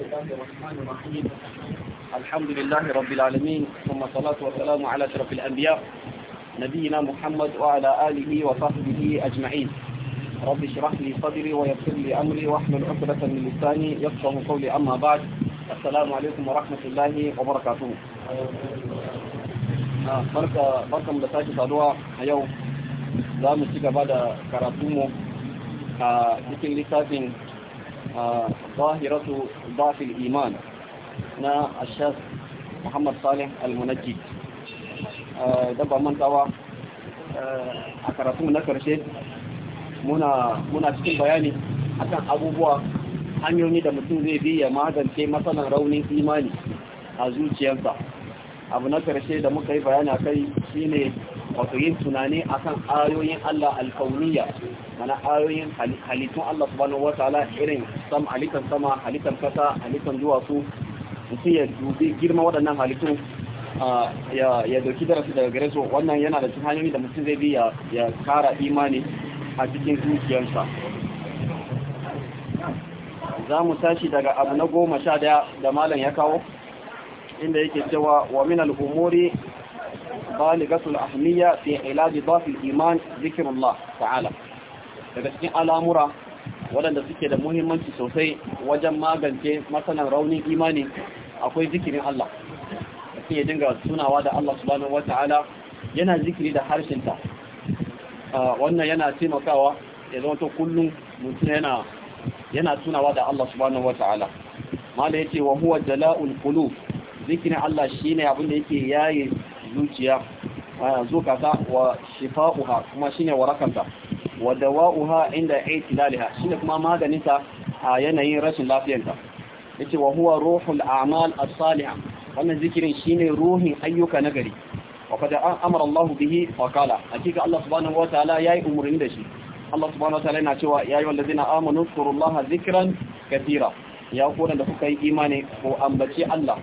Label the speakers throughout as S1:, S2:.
S1: الله الرحمن الرحيم
S2: الحمد لله رب العالمين ثم صلاة والسلام على شرف الأنبياء نبينا محمد وعلى آله وصحبه أجمعين رب اشرح لي صدري ويسر لي أمري واحمل عقدة من لساني يفهم قولي أما بعد السلام عليكم ورحمة الله وبركاته آه، بركة بركة من لساكي صدوة اليوم لا mu بعد gaba da karatunmu ظاهرة ضعف Iman na Ashaf Muhammad Saleh Al-Munajji da ba a karatu na karshe muna cikin bayani akan abubuwa hanyoyi da mutum zai bi ya magance matsalan raunin imani a zuciyarsa abu na karshe da muka yi bayani akai shine wato yin tunani akan ayoyin Allah alkauniya mana ayoyin halittun Allah subhanahu wataala irin sam halittar sama halittar kasa halittar duwatsu mutum ya dubi girma waɗannan halittun ya doki darasi daga gare su wannan yana da cikin da mutum zai bi ya kara imani a cikin zuciyarsa za mu tashi daga abu na goma sha daya da malam ya kawo inda yake cewa wa min al بالغة الأهمية في علاج ضعف الإيمان ذكر الله تعالى daga cikin al'amura waɗanda suke da muhimmanci sosai wajen magance matsalan raunin imani akwai zikirin Allah da ke dinga sunawa da Allah subhanahu wata'ala yana zikiri da harshensa wannan yana taimakawa ya zama to kullum mutum yana yana tunawa da Allah subhanahu wata'ala mala yace wa huwa jala'ul zikirin Allah shine abin da yake yaye zuciya zukata wa shifa'uha kuma shine warakanta wa dawa'uha inda aitilaliha shine kuma maganinta a yanayin rashin lafiyanta yace wa huwa ruhul a'mal as saliha wannan zikirin shine ruhin ayyuka nagari wa qad amara Allah bihi wa qala hakika Allah subhanahu wa ta'ala yayi umarni da shi Allah subhanahu wa ta'ala yana cewa ya ayyuhal ladina amanu zkurullaha zikran katira ya ku da kuka yi imani ko ambaci Allah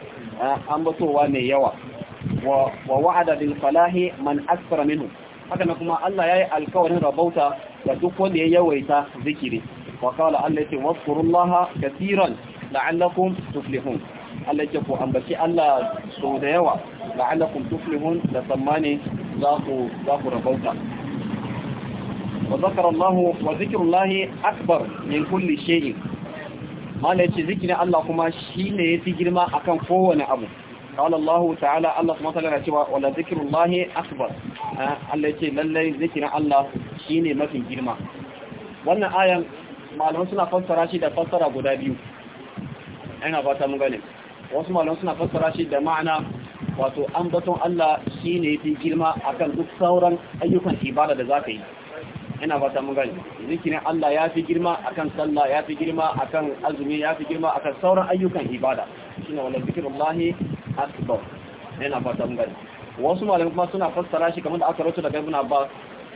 S2: ambatowa mai yawa wa wa'ada bil falahi man aksara minhu haka na kuma Allah yayi alƙawarin rabauta ga duk wanda ya yawaita zikiri wa qala Allah yake wazkurullaha katiran la'allakum tuflihun Allah yake ku ambaci Allah sau da yawa la'allakum tuflihun da tsammani za ku za ku rabauta wa zakara Allah wa zikrullahi akbar min kulli shay'in malai ce zikirin Allah kuma shine yafi girma akan kowane abu قال الله تعالى الله سبحانه وتعالى cewa wala zikrullahi akbar Allah yace lallai zikirin Allah shine mafi girma wannan ayan malaman suna fassara shi da fassara guda biyu ina fata mun gane wasu malaman suna fassara shi da ma'ana wato ambaton Allah shine fi girma akan duk sauran ayyukan ibada da zaka yi ina fata mun gani zikirin Allah ya fi girma akan sallah ya fi girma akan azumi ya fi girma akan sauran ayyukan ibada shine wannan zikrullahi akbar ina fata mun gani wasu malamai kuma suna fassara shi kamar da aka rubuta daga Ibn Abbas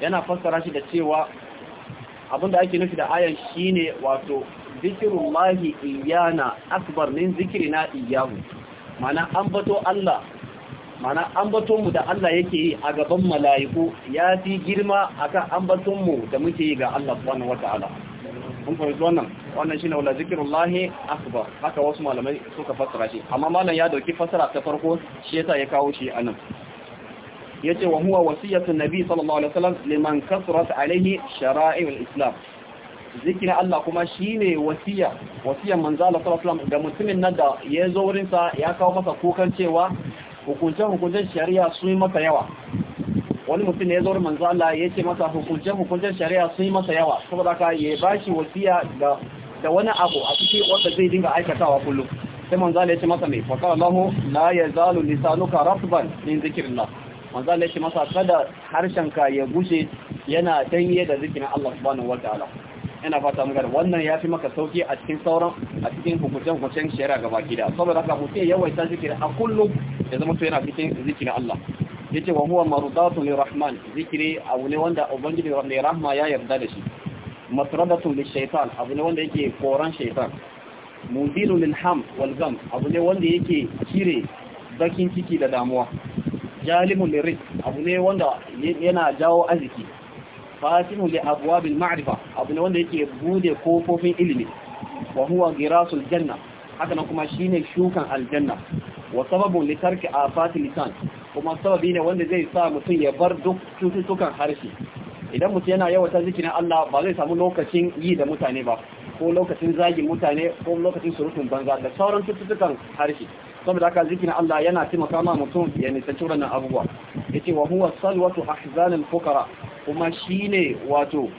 S2: yana fassara shi da cewa abinda ake nufi da ayan shine wato zikrullahi iyana akbar min zikrina iyahu ma'ana an bato Allah mana ambatonmu da Allah yake yi a gaban mala'iku ya fi girma akan ambatonmu da muke yi ga Allah subhanahu wata'ala kun fahimci wannan wannan shine wala zikrullahi akbar haka wasu malamai suka fassara shi amma malam ya dauki fassara ta farko shi yasa ya kawo shi anan yace wa huwa wasiyatu nabi sallallahu alaihi wasallam liman kasrat alaihi shara'i'ul islam zikirin Allah kuma shine wasiya wasiyar manzo Allah sallallahu alaihi wasallam ga mutumin nan da ya zo wurin sa ya kawo masa kokan cewa hukunce-hukuncen shari'a sun yi masa yawa wani mutum ya zo manzo Allah ya ce masa hukunce-hukuncen shari'a sun yi masa yawa saboda ka ya ba shi wasiya da wani abu a cikin wanda zai dinga aikatawa kullum sai manzo Allah ya ce masa mai fakar Allahu la yazalu lisanuka ratban min zikrillah manzo Allah ya ce masa kada harshenka ya gushe yana danye da zikirin Allah subhanahu wa ta'ala. ina fata mun wannan ya fi maka sauki a cikin sauran a cikin hukuncen hukuncen shari'a gaba gida saboda haka mutum yawaita zikiri a kullum ya zama to yana cikin zikirin Allah ce, wa huwa marudatun lirahman zikiri abu ne wanda ubangiji mai rahma ya yarda da shi masradatun lishaitan abu ne wanda yake koran shaitan mudilu lilham wal gam abu ne wanda yake cire bakin ciki da damuwa Jalimu lirik abu ne wanda yana jawo arziki fatihu li abwabil ma'rifa abu ne wanda yake bude kofofin ilimi wa huwa girasul janna haka nan kuma shine shukan aljanna wa sababun li tarki afati lisan kuma sababi ne wanda zai sa mutum ya bar duk cututtukan harshe idan mutum yana yawata zikirin Allah ba zai samu lokacin yi da mutane ba ko lokacin zagi mutane ko lokacin surutun banza da sauran cututtukan harshe saboda haka zikirin Allah yana taimaka ma mutum ya nisanci wannan abubuwa yace wa huwa salwatu ahzanil fuqara kuma shi ne wato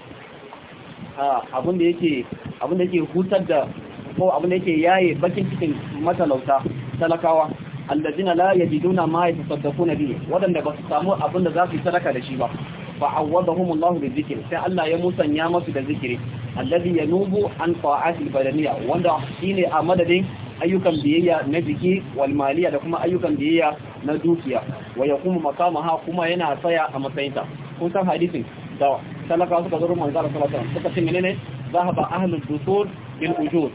S2: abinda yake hutar da ko abinda yake yaye bakin cikin matalauta talakawa allazina la yajiduna ma yatasaddaquna bihi wadanda ba su samu da za su yi sadaka da shi ba fa awwadahum Allah bi dhikri sai Allah ya musanya masu da zikiri allazi yanubu an ta'ati al-badaniyya wanda shine a madadin ayyukan biyayya na jiki wal maliya da kuma ayyukan biyayya na dukiya wa yaqumu maqamaha kuma yana tsaya a matsayinta kun san hadisin da talaka suka zo manzo a sallallahu alaihi suka ce menene zahaba ahlul dusur bil ujur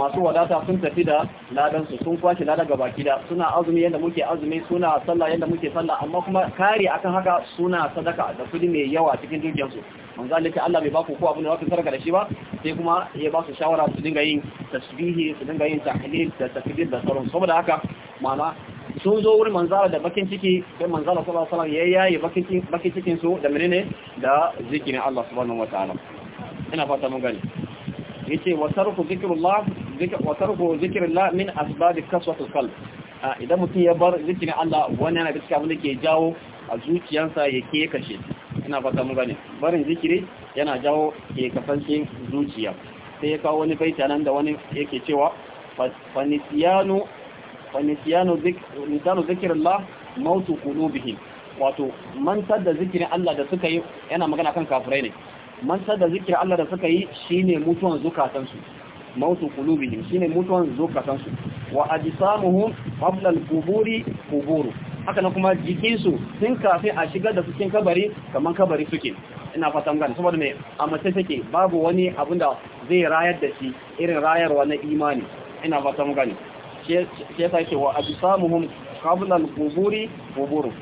S2: masu wadata sun tafi da ladan su sun kwashi ladan gaba da suna azumi yanda muke azumi suna sallah yanda muke sallah amma kuma kare akan haka suna sadaka da kudi mai yawa cikin dukiyar su manzo Allah Allah bai baku ko abin da wakin sarka da shi ba sai kuma ya ba su shawara su dinga yin tasbihi su dinga yin tahlil da takbir da sauran saboda haka ma'ana sun zo wurin manzala da bakin ciki sai manzala sallallahu alaihi wasallam ya yayi bakin cikin su da menene da zikirin Allah subhanahu wataala ina fata mun gani yace wa tarku zikrullah wa tarku zikrullah min asbab kaswatul qalb idan mutum ya bar zikirin Allah wani yana bisa abin da ke jawo a zuciyarsa ya ke kashe ina fata mun gani barin zikiri yana jawo ke kasance zuciya sai ya kawo wani baita nan da wani yake cewa fanisiyanu wa nisyanu dhikr nisanu dhikrillah mautu qulubihim wato mantar da zikirin Allah da suka yi yana magana kan kafirai ne mantar da zikirin Allah da suka yi shine mutuwan zukatansu mautu qulubihim shine mutuwan zukatansu wa ajsamuhum qabla al-quburi quburu haka nan kuma jikinsu sun kafi a shigar da su cikin kabari kamar kabari suke ina fatan gani saboda me a mace take babu wani abin da zai rayar da shi irin rayarwa na imani ina fatan gani shi yasa yake wa ajsamuhum qabla al-quburi quburu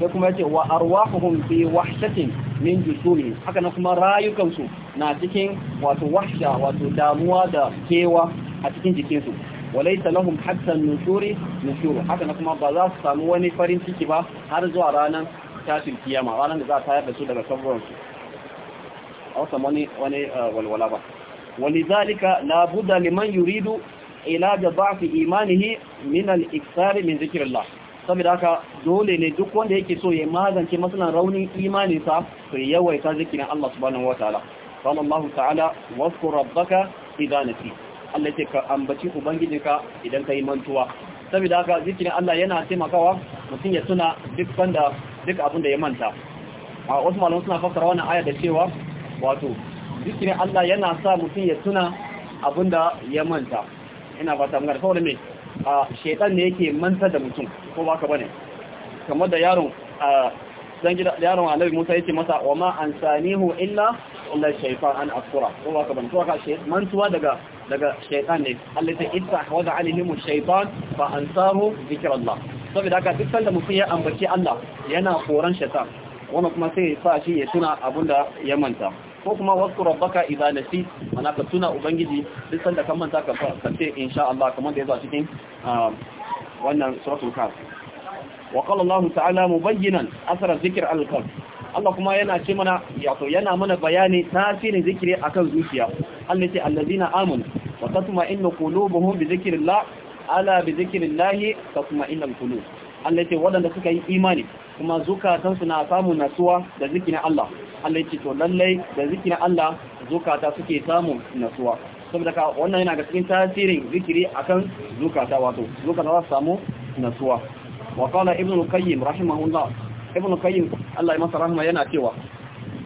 S2: sai kuma yace wa arwahuhum fi wahshatin min jusumi haka nan kuma rayukansu na cikin wato wahsha wato damuwa da kewa a cikin jikinsu walaita lahum hatta nusuri nushuru haka na kuma ba za su samu wani farin ciki ba har zuwa ranar tashin kiyama ranar da za a tayar da su daga kaburansu a wasa wani eh, walwala ba walizalika la budda liman yuridu علاج ضعف إيمانه من الإكثار من min الله saboda haka dole ne duk wanda yake so ya magance matsalan raunin imaninsa to yawaita zikirin Allah subhanahu wataala qala Allah ta'ala wasku rabbaka idan nasi Allah yake ka ambaci ubangijinka idan kai mantuwa saboda haka zikirin Allah yana taimakawa mutum ya tuna duk banda duk abin da ya manta a wasu malaman suna fassara wannan aya da cewa wato zikirin Allah yana sa mutum ya tuna abin da ya manta ina ba ta magana saboda me a shekar ne yake manta da mutum ko ba ka bane kamar da yaron a zan gida yaron Annabi Musa yake masa wa ma ansanihu illa illa shaytan an afkura ko ba ka bane to ka shedan mantuwa daga daga shaytan ne Allah ta itta hawada alaihim shaytan fa ansahu zikrullah saboda ka duk sanda mutum ya ambaci Allah yana koran shaytan wannan kuma sai ya sa shi ya tuna abinda ya manta ko kuma wasu rabbaka na nasi mana ka tuna ubangiji duk sanda kan manta ka kace insha Allah kamar da yazo cikin wannan suratul kaf wa qala Allah ta'ala mubayyinan athara zikr al-qalb Allah kuma yana ce mana yato yana mana bayani tasirin zikiri akan zuciya Allah ce allazina amanu wa tatma'innu qulubuhum bi zikrillah ala bi zikrillah tatma'innul qulub Allah ya ce waɗanda suka yi imani kuma zukatansu na samun natsuwa da zikirin Allah Allah ya ce to lallai da zikirin Allah zukata suke samun natsuwa saboda ka wannan yana ga cikin tasirin zikiri akan zukata wato zukata za su samu natsuwa wa qala ibn al-qayyim rahimahullah ibn al-qayyim Allah ya masa rahma yana cewa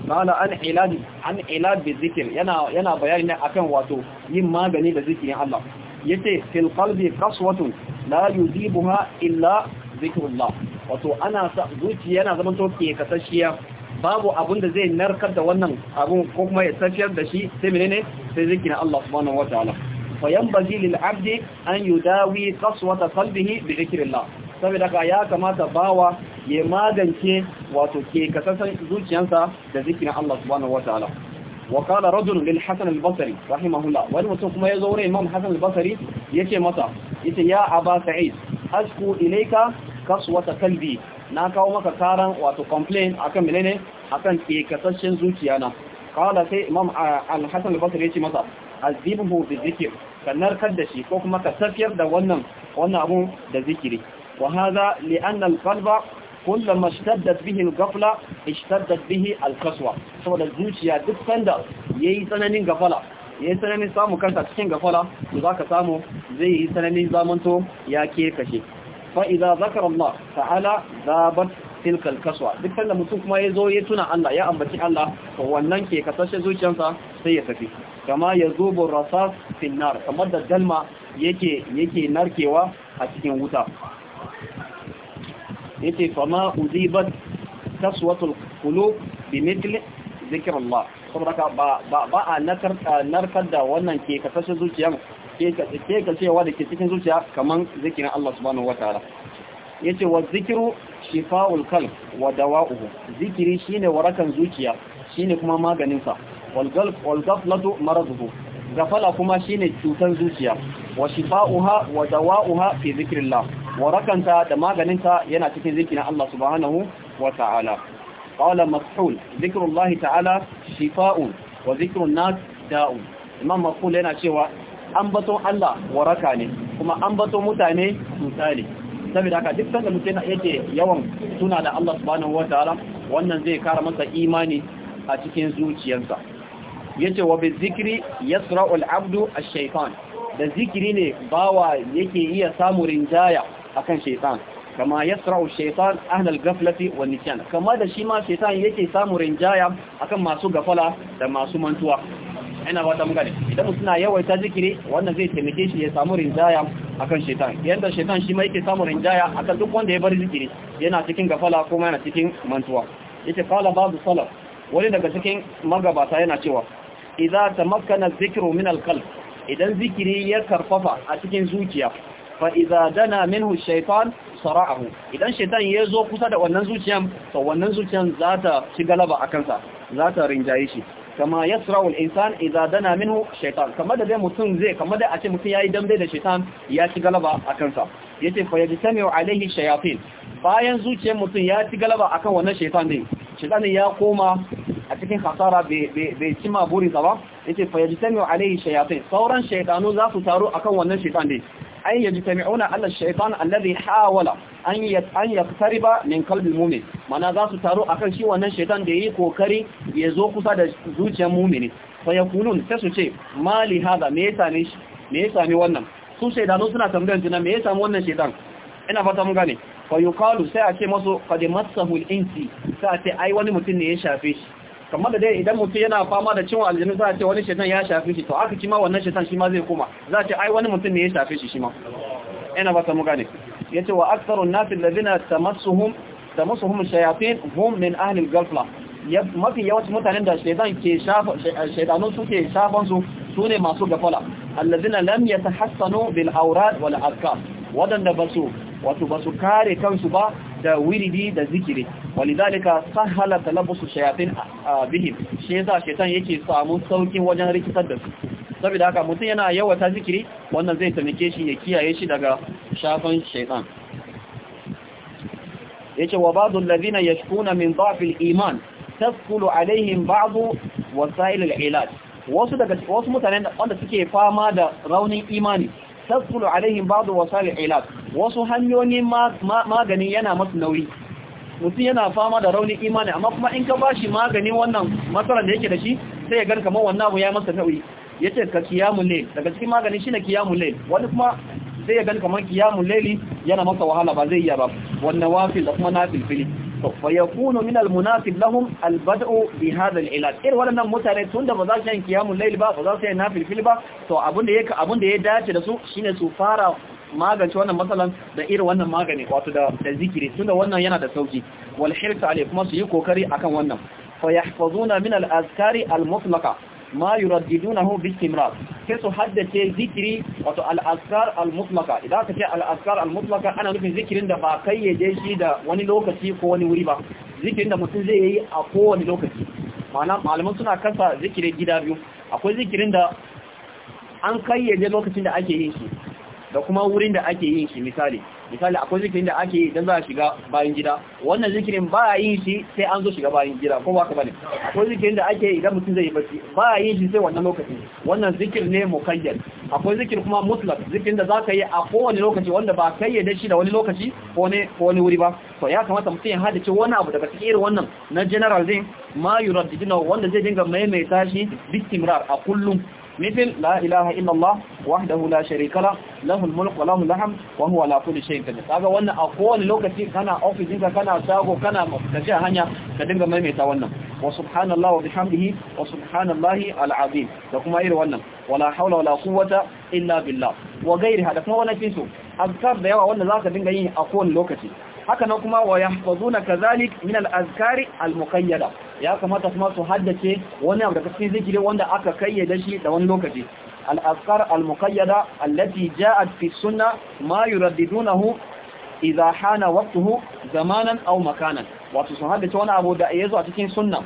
S2: qala an ilad an ilad bi zikr yana yana bayani ne akan wato yin magani da zikirin Allah yace fil qalbi qaswatun la yudibuha illa zikrullah wato ana sa zuci yana zaman to ke kasashiya babu abun da zai narkar da wannan abun ko kuma ya tafiyar da shi sai menene sai zikirin Allah subhanahu wataala fa yanbaghi lil abdi an yudawi qaswata qalbihi bi zikrillah saboda ka ya kamata bawa ya magance wato ke kasasan zuciyarsa da zikirin Allah subhanahu wataala wa qala rajul lil hasan al basri rahimahullah wani mutum kuma ya zo wurin imam hasan al basri yace masa ita ya aba ashku ilaika kaswata kalbi na kawo maka karan wato complain akan menene akan kekasasshen zuciya na kawada sai imam al-hassan al-basri ya ce masa azibuhu bi zikir ka narkar da shi ko kuma ka tafiyar da wannan wannan abu da zikiri wa hadha li anna al-qalba kullama ishtaddat bihi al-ghafla ishtaddat bihi al-kaswa saboda zuciya duk sanda yayi tsananin gafala ya yi tsananin samun kansa cikin gafara, da za ka samu zai yi tsananin zamanto ya ke kashe fa'iza zakar Allah ta'ala zabar tilkal kaswa duk sanda mutum kuma ya zo ya tuna Allah ya ambaci Allah to wannan ke kasashe zuciyarsa sai ya tafi kama ya zo rasas finnar kamar da dalma yake yake narkewa a cikin wuta yake fama uzibat taswatul kulu bi zikir Allah. saboda ka ba a narkar da wannan ke kasashen zuciya ke kasewa da ke cikin zuciya kamar zikirin Allah subhanahu wa ta'ala yace wa zikiru shifa'ul kal wa dawa'uhu zikiri shine warakan zuciya shine kuma maganin sa wal galf wal ghaflatu maraduhu gafala kuma shine cutan zuciya wa shifa'uha wa dawa'uha fi zikrillah warakanta da maganin ta yana cikin zikirin Allah subhanahu wa ta'ala qala mashul zikrullahi ta'ala shifa'un wa zikrun nas da'un imam maqul yana cewa ambaton Allah waraka ne kuma an bato mutane cuta ne saboda haka duk sanda mutum yake yawan suna da Allah subhanahu wataala wannan zai kara masa imani a cikin zuciyarsa yace wa zikri yasra'u al-'abdu ash-shaytan da zikiri ne bawa yake iya samu rinjaya akan shaytan kama yasra'u shaytan ahlal ghaflati wan nisyan kama da shi ma shaytan yake samu rinjaya akan masu gafala da masu mantuwa ina ba ta idan mutum yawaita zikiri wannan zai taimake shi ya samu rinjaya akan shaitan yanda shaitan shi ma yake samu rinjaya akan duk wanda ya bar zikiri yana cikin gafala kuma yana cikin mantuwa yace qala ba'd salaf wani daga cikin magabata yana cewa idza tamakkana dhikru min al idan zikiri ya karfafa a cikin zuciya fa idza dana minhu shaytan sara'ahu idan shaytan ya zo kusa da wannan zuciyan to wannan zuciyan za ta ci galaba a kansa za ta rinjaye shi kama yasra'u al-insan idza dana minhu shaytan kama da dai mutum zai kama da a ce mutum yayi dambe da shaytan ya ci galaba a kansa yace fa yajtami'u alayhi shayatin bayan zuciyan mutum ya ci galaba akan wannan shaytan din shaytan ya koma a cikin hasara bai cima burinsa ba yace fa yajtami'u alayhi shayafin sauran shaytanu za su taru akan wannan shaytan din أن يجتمعون على الشيطان الذي حاول أن أن يقترب من قلب المؤمن معنى ذا ستارو أكن شي wannan shaitan da ya yayi kokari ya zo kusa da zuciyar mu'mini fa yaqulun sai su ce mali hada me ya same wannan su shaidanu suna tambayar juna me ya same wannan shaitan ina fata mun gane fa sai a ce masu qad massahu al sai a ce ai wani mutum ne ya shafe shi kamar da dai idan mutum yana fama da ciwon aljanu za a ce wani shaitan ya shafi shi to aka kima wannan shaitan shi ma zai koma za a ce ai wani mutum ne ya shafi shi shi ma ina ba ta mu gane yace wa aktharun nas allazina tamassuhum tamassuhum shayatin hum min ahli al-ghafla mafi yawancin mutanen da shaitan ke shafa suke shafan su ne masu gafala allazina lam yatahassanu bil awrad wal azkar wadanda basu wato basu kare kansu ba da wiridi da zikiri walidhalika sahala talabusu shayatin bihim shi yasa shaitan yake samu saukin wajen rikitar da su saboda haka mutum yana yawata zikiri wannan zai taimake shi ya kiyaye shi daga shafan shaitan yace wa ba'd alladhina yashkuna min da'f al-iman tasqulu alaihim ba'd wasa'il al-ilaj wasu daga wasu mutanen wanda suke fama da raunin imani tasulu alaihim ba'du wasari ilaj wasu hanyoyin magani yana masu nauyi mutum yana fama da rauni imani amma kuma in ka bashi magani wannan matsalar da yake da shi sai ya gan man wannan abu ya masa nauyi yace ka kiyamul layl daga cikin magani shine kiyamul layl wani kuma sai ya gan man kiyamul layli yana masa wahala ba zai iya ba wannan wafil da kuma nafil fili فيكون من المناسب لهم البدء بهذا العلاج إيه ولنا متاني تند فضاشين قيام الليل با فضاشين نافل فيل با تو أبن ديك أبن ديك داتي لسو شين سفارة magance wannan matsalan da irin wannan magani wato da zikiri tunda wannan yana da sauki wal hirsa kuma su yi kokari akan wannan fa yahfazuna min al azkari al mutlaqa ma yuraddidunahu bistimrar sai su haddace zikiri wato al-azkar al-mutlaka idan ka ce al-azkar al-mutlaka ana nufin zikirin da ba kayyade shi da wani lokaci ko wani wuri ba zikirin da mutum zai yi a kowane lokaci ma'ana malaman suna kasa zikirin gida biyu akwai zikirin da an kayyade lokacin da ake yin shi da kuma wurin da ake yin shi misali misali akwai zikirin da ake yi don za a shiga bayan gida wannan zikirin ba a yin shi sai an zo shiga bayan gida ko ba ka bane akwai zikirin da ake yi idan mutum zai yi bacci ba a yin shi sai wannan lokacin wannan zikir ne mukayyad akwai zikir kuma mutlaq zikirin da za ka yi a kowane lokaci wanda ba kai yadda shi da wani lokaci ko ne ko wani wuri ba to ya kamata mutum ya hada ce wani abu daga cikin irin wannan na general din ma yuraddidu wanda zai dinga maimaita shi bitimrar a kullum مثل لا إله إلا الله وحده لا شريك له له الملك وله kaga wannan a kowane lokaci kana office ɗinka kana shago kana tafiya hanya ka dinga maimaita wannan wa subhanallahi wa bihamdihi wa subhanallahi alazim da kuma irin wannan wala haula wala quwwata illa billah wa gairi hada kuma wannan kinsu azkar da yawa wanda zaka dinga yi a kowane lokaci haka nan kuma wa yahfazuna kazalik min al-azkari al-muqayyada ya kamata kuma su haddace wani abu daga cikin zikiri wanda aka kayyade shi da wani lokaci al-azkar al-muqayyada allati ja'at fi sunna ma yuraddidunahu idha hana waqtuhu zamanan aw makanan wato su haddace wani abu da yazo a cikin sunna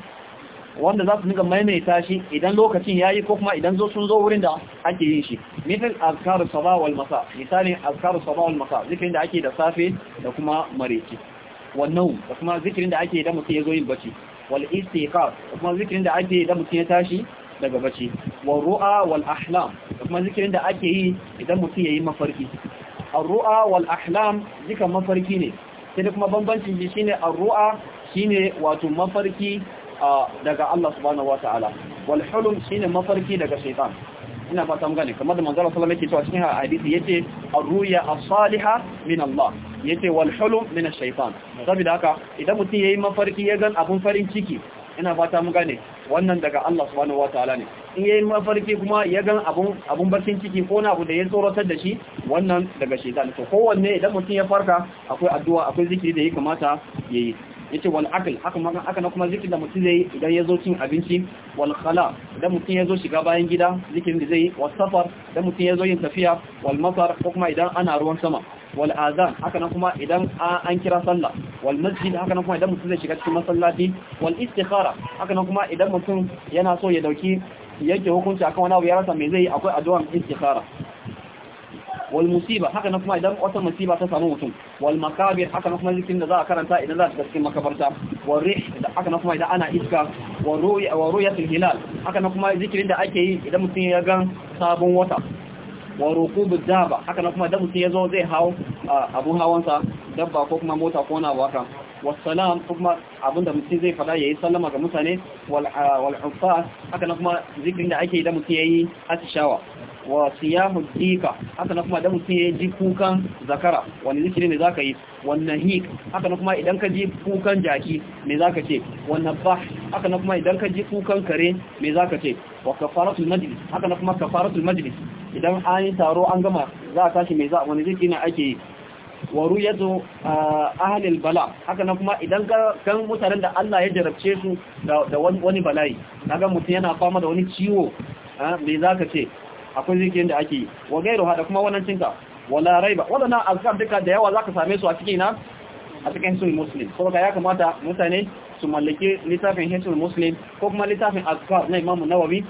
S2: wanda za su dinga maimaita shi idan lokacin ya yi ko kuma idan zo sun zo wurin da ake yin shi misal azkarus sabah wal masa misali azkarus sabah wal masa zikirin da ake da safe da kuma mareci wannan da kuma zikirin da ake da mutum ya zo yin bacci wal istiqar da kuma zikirin da ake da mutum ya tashi daga bacci wal ru'a wal ahlam da kuma zikirin da ake yi idan mutum yi mafarki ar-ru'a wal ahlam zikan mafarki ne sai kuma bambancin shi shine ar-ru'a shine wato mafarki daga Allah subhanahu wa ta'ala wal hulum shine mafarki daga shaitan ina fata mun gane kamar da manzo sallallahu alaihi wasallam yake cewa cikin hadisi yace ar-ruya as-saliha min Allah yace wal hulum min ash-shaytan saboda haka idan mutum yayi mafarki ya gan abun farin ciki ina fata mun gane wannan daga Allah subhanahu wataala ne in yayi mafarki kuma ya gan abun abun bakin ciki ko na abu da ya tsoratar da shi wannan daga shaytan to kowanne idan mutum ya farka akwai addu'a akwai zikiri da ya kamata yayi yace wal akl haka ma haka na kuma zikirin da mutum zai idan ya zo cin abinci wal khala idan mutum ya zo shiga bayan gida zikirin da zai was safar idan mutum ya zo yin tafiya wal masar ko kuma idan ana ruwan sama wal azan haka nan kuma idan an kira sallah wal masjid haka nan kuma idan mutum zai shiga cikin masallaci wal istikhara haka nan kuma idan mutum yana so ya dauki yake hukunci akan wani abu ya rasa me zai yi akwai addu'an istikhara wal musiba haka nan kuma idan wata musiba ta samu mutum wal makabir haka nan kuma zikirin da za a karanta idan za ta cikin makabarta wal rih da haka nan kuma idan ana iska wa ruya wa ruyatul hilal haka nan kuma zikirin da ake yi idan mutum ya ga sabon wata wa rukubu daba haka nan kuma idan mutum ya zo zai hawo abun hawansa dabba ko kuma mota ko na waka wasalam kuma abinda mutum zai fada yayi sallama ga mutane wal wal haka nan kuma zikirin da ake yi idan mutum yayi atishawa wa siyamu dika haka na kuma da mutum ya ji kukan zakara wani zikiri ne zaka yi wannan hik haka na kuma idan ka ji kukan jaki me zaka ce wannan ba haka na kuma idan ka ji kukan kare me zaka ce wa kafaratul majlis haka na kuma kafaratul majlis idan an yi taro an gama za a tashi me za wani zikiri ne ake yi wa ruyatu ahlil bala haka nan kuma idan kan mutanen da Allah ya jarabce su da wani bala'i kaga mutum yana fama da wani ciwo me zaka ce akwai zikirin da ake yi wa gairu hada kuma wannan cinka wala raiba wadannan azkar duka da yawa za ka same su a cikin na a cikin hisul musulun. ko ga ya kamata mutane su mallaki littafin hisul musulun ko kuma littafin azkar na imam nawawi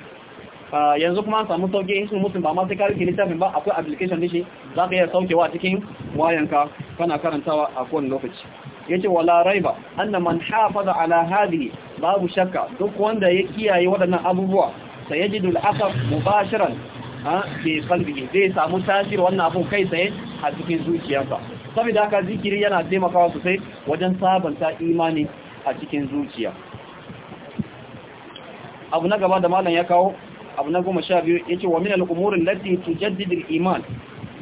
S2: yanzu kuma an samu sauke hisul musulun ba ma sai ka rike littafin ba akwai application dishi ka iya saukewa cikin wayanka kana karantawa a kowane lokaci yace wala ba. anna man hafaza ala hadhihi babu shakka duk wanda ya kiyaye waɗannan abubuwa sayajidu al-athar mubasharan ke kalbi zai samu tasir wannan abun kai tsaye a cikin zuciyarsa saboda haka zikiri yana taimakawa sosai wajen sabanta imani a cikin zuciya abu na gaba da malam ya kawo abu na goma sha biyu yake wa min al-umuri allati iman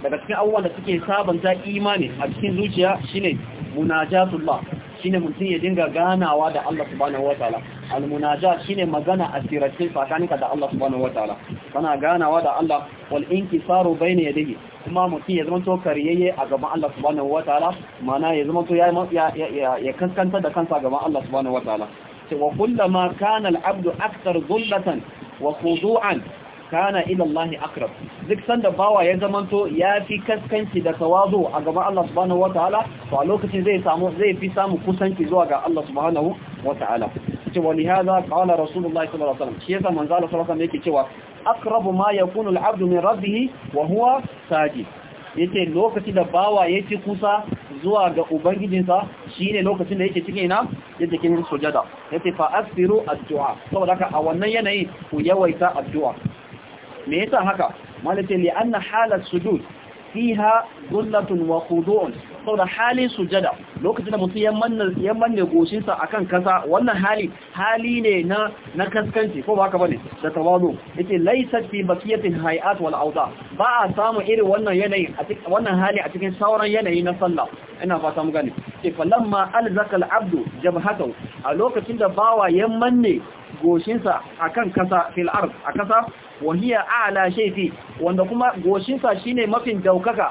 S2: daga cikin abubuwan da suke sabanta imani a cikin zuciya shine munajatullah shine mutum ya dinga ganawa da Allah subhanahu wataala almunaja shine magana asirace tsakaninka da Allah subhanahu wataala kana ganawa da Allah wal inkisaru bayna yadayhi kuma mutum ya zama to kariyayye a gaban Allah subhanahu wataala mana ya zama to ya kankanta da kansa gaban Allah subhanahu wataala wa kullama kana al-abdu akthar dhullatan wa khudu'an kana ila Allah akrab duk sanda bawa ya zamanto ya fi kaskanci da tawazu a gaban Allah subhanahu wataala to a lokacin zai samu zai fi samu kusanci zuwa ga Allah subhanahu wataala ce wani qala rasulullahi sallallahu alaihi wasallam shi yasa manzo Allah sallallahu alaihi wasallam yake cewa akrabu ma yakunu al-abdu min rabbih wa huwa sajid yace lokacin da bawa yake kusa zuwa ga ubangijinsa shine lokacin da yake cikin ina yake cikin sujada yace fa asiru addu'a saboda haka a wannan yanayi ku yawaita addu'a me yasa haka malaka li anna halat sujud fiha gullatun wa khudu'un saboda halin sujada lokacin da mutum ya manna ya manne goshinsa akan kasa wannan hali hali ne na na kaskanci ko ba haka bane da tawadu yace laysa fi baqiyatin hay'at wal awda ba a samu irin wannan yanayi a cikin wannan hali a cikin sauran yanayi na sallah ina fata mu gane ce falamma alzaka abdu jabhatahu a lokacin da bawa ya manne goshinsa akan kasa fil ard a kasa wahiya a'la shayfi wanda kuma goshinsa shine mafin daukaka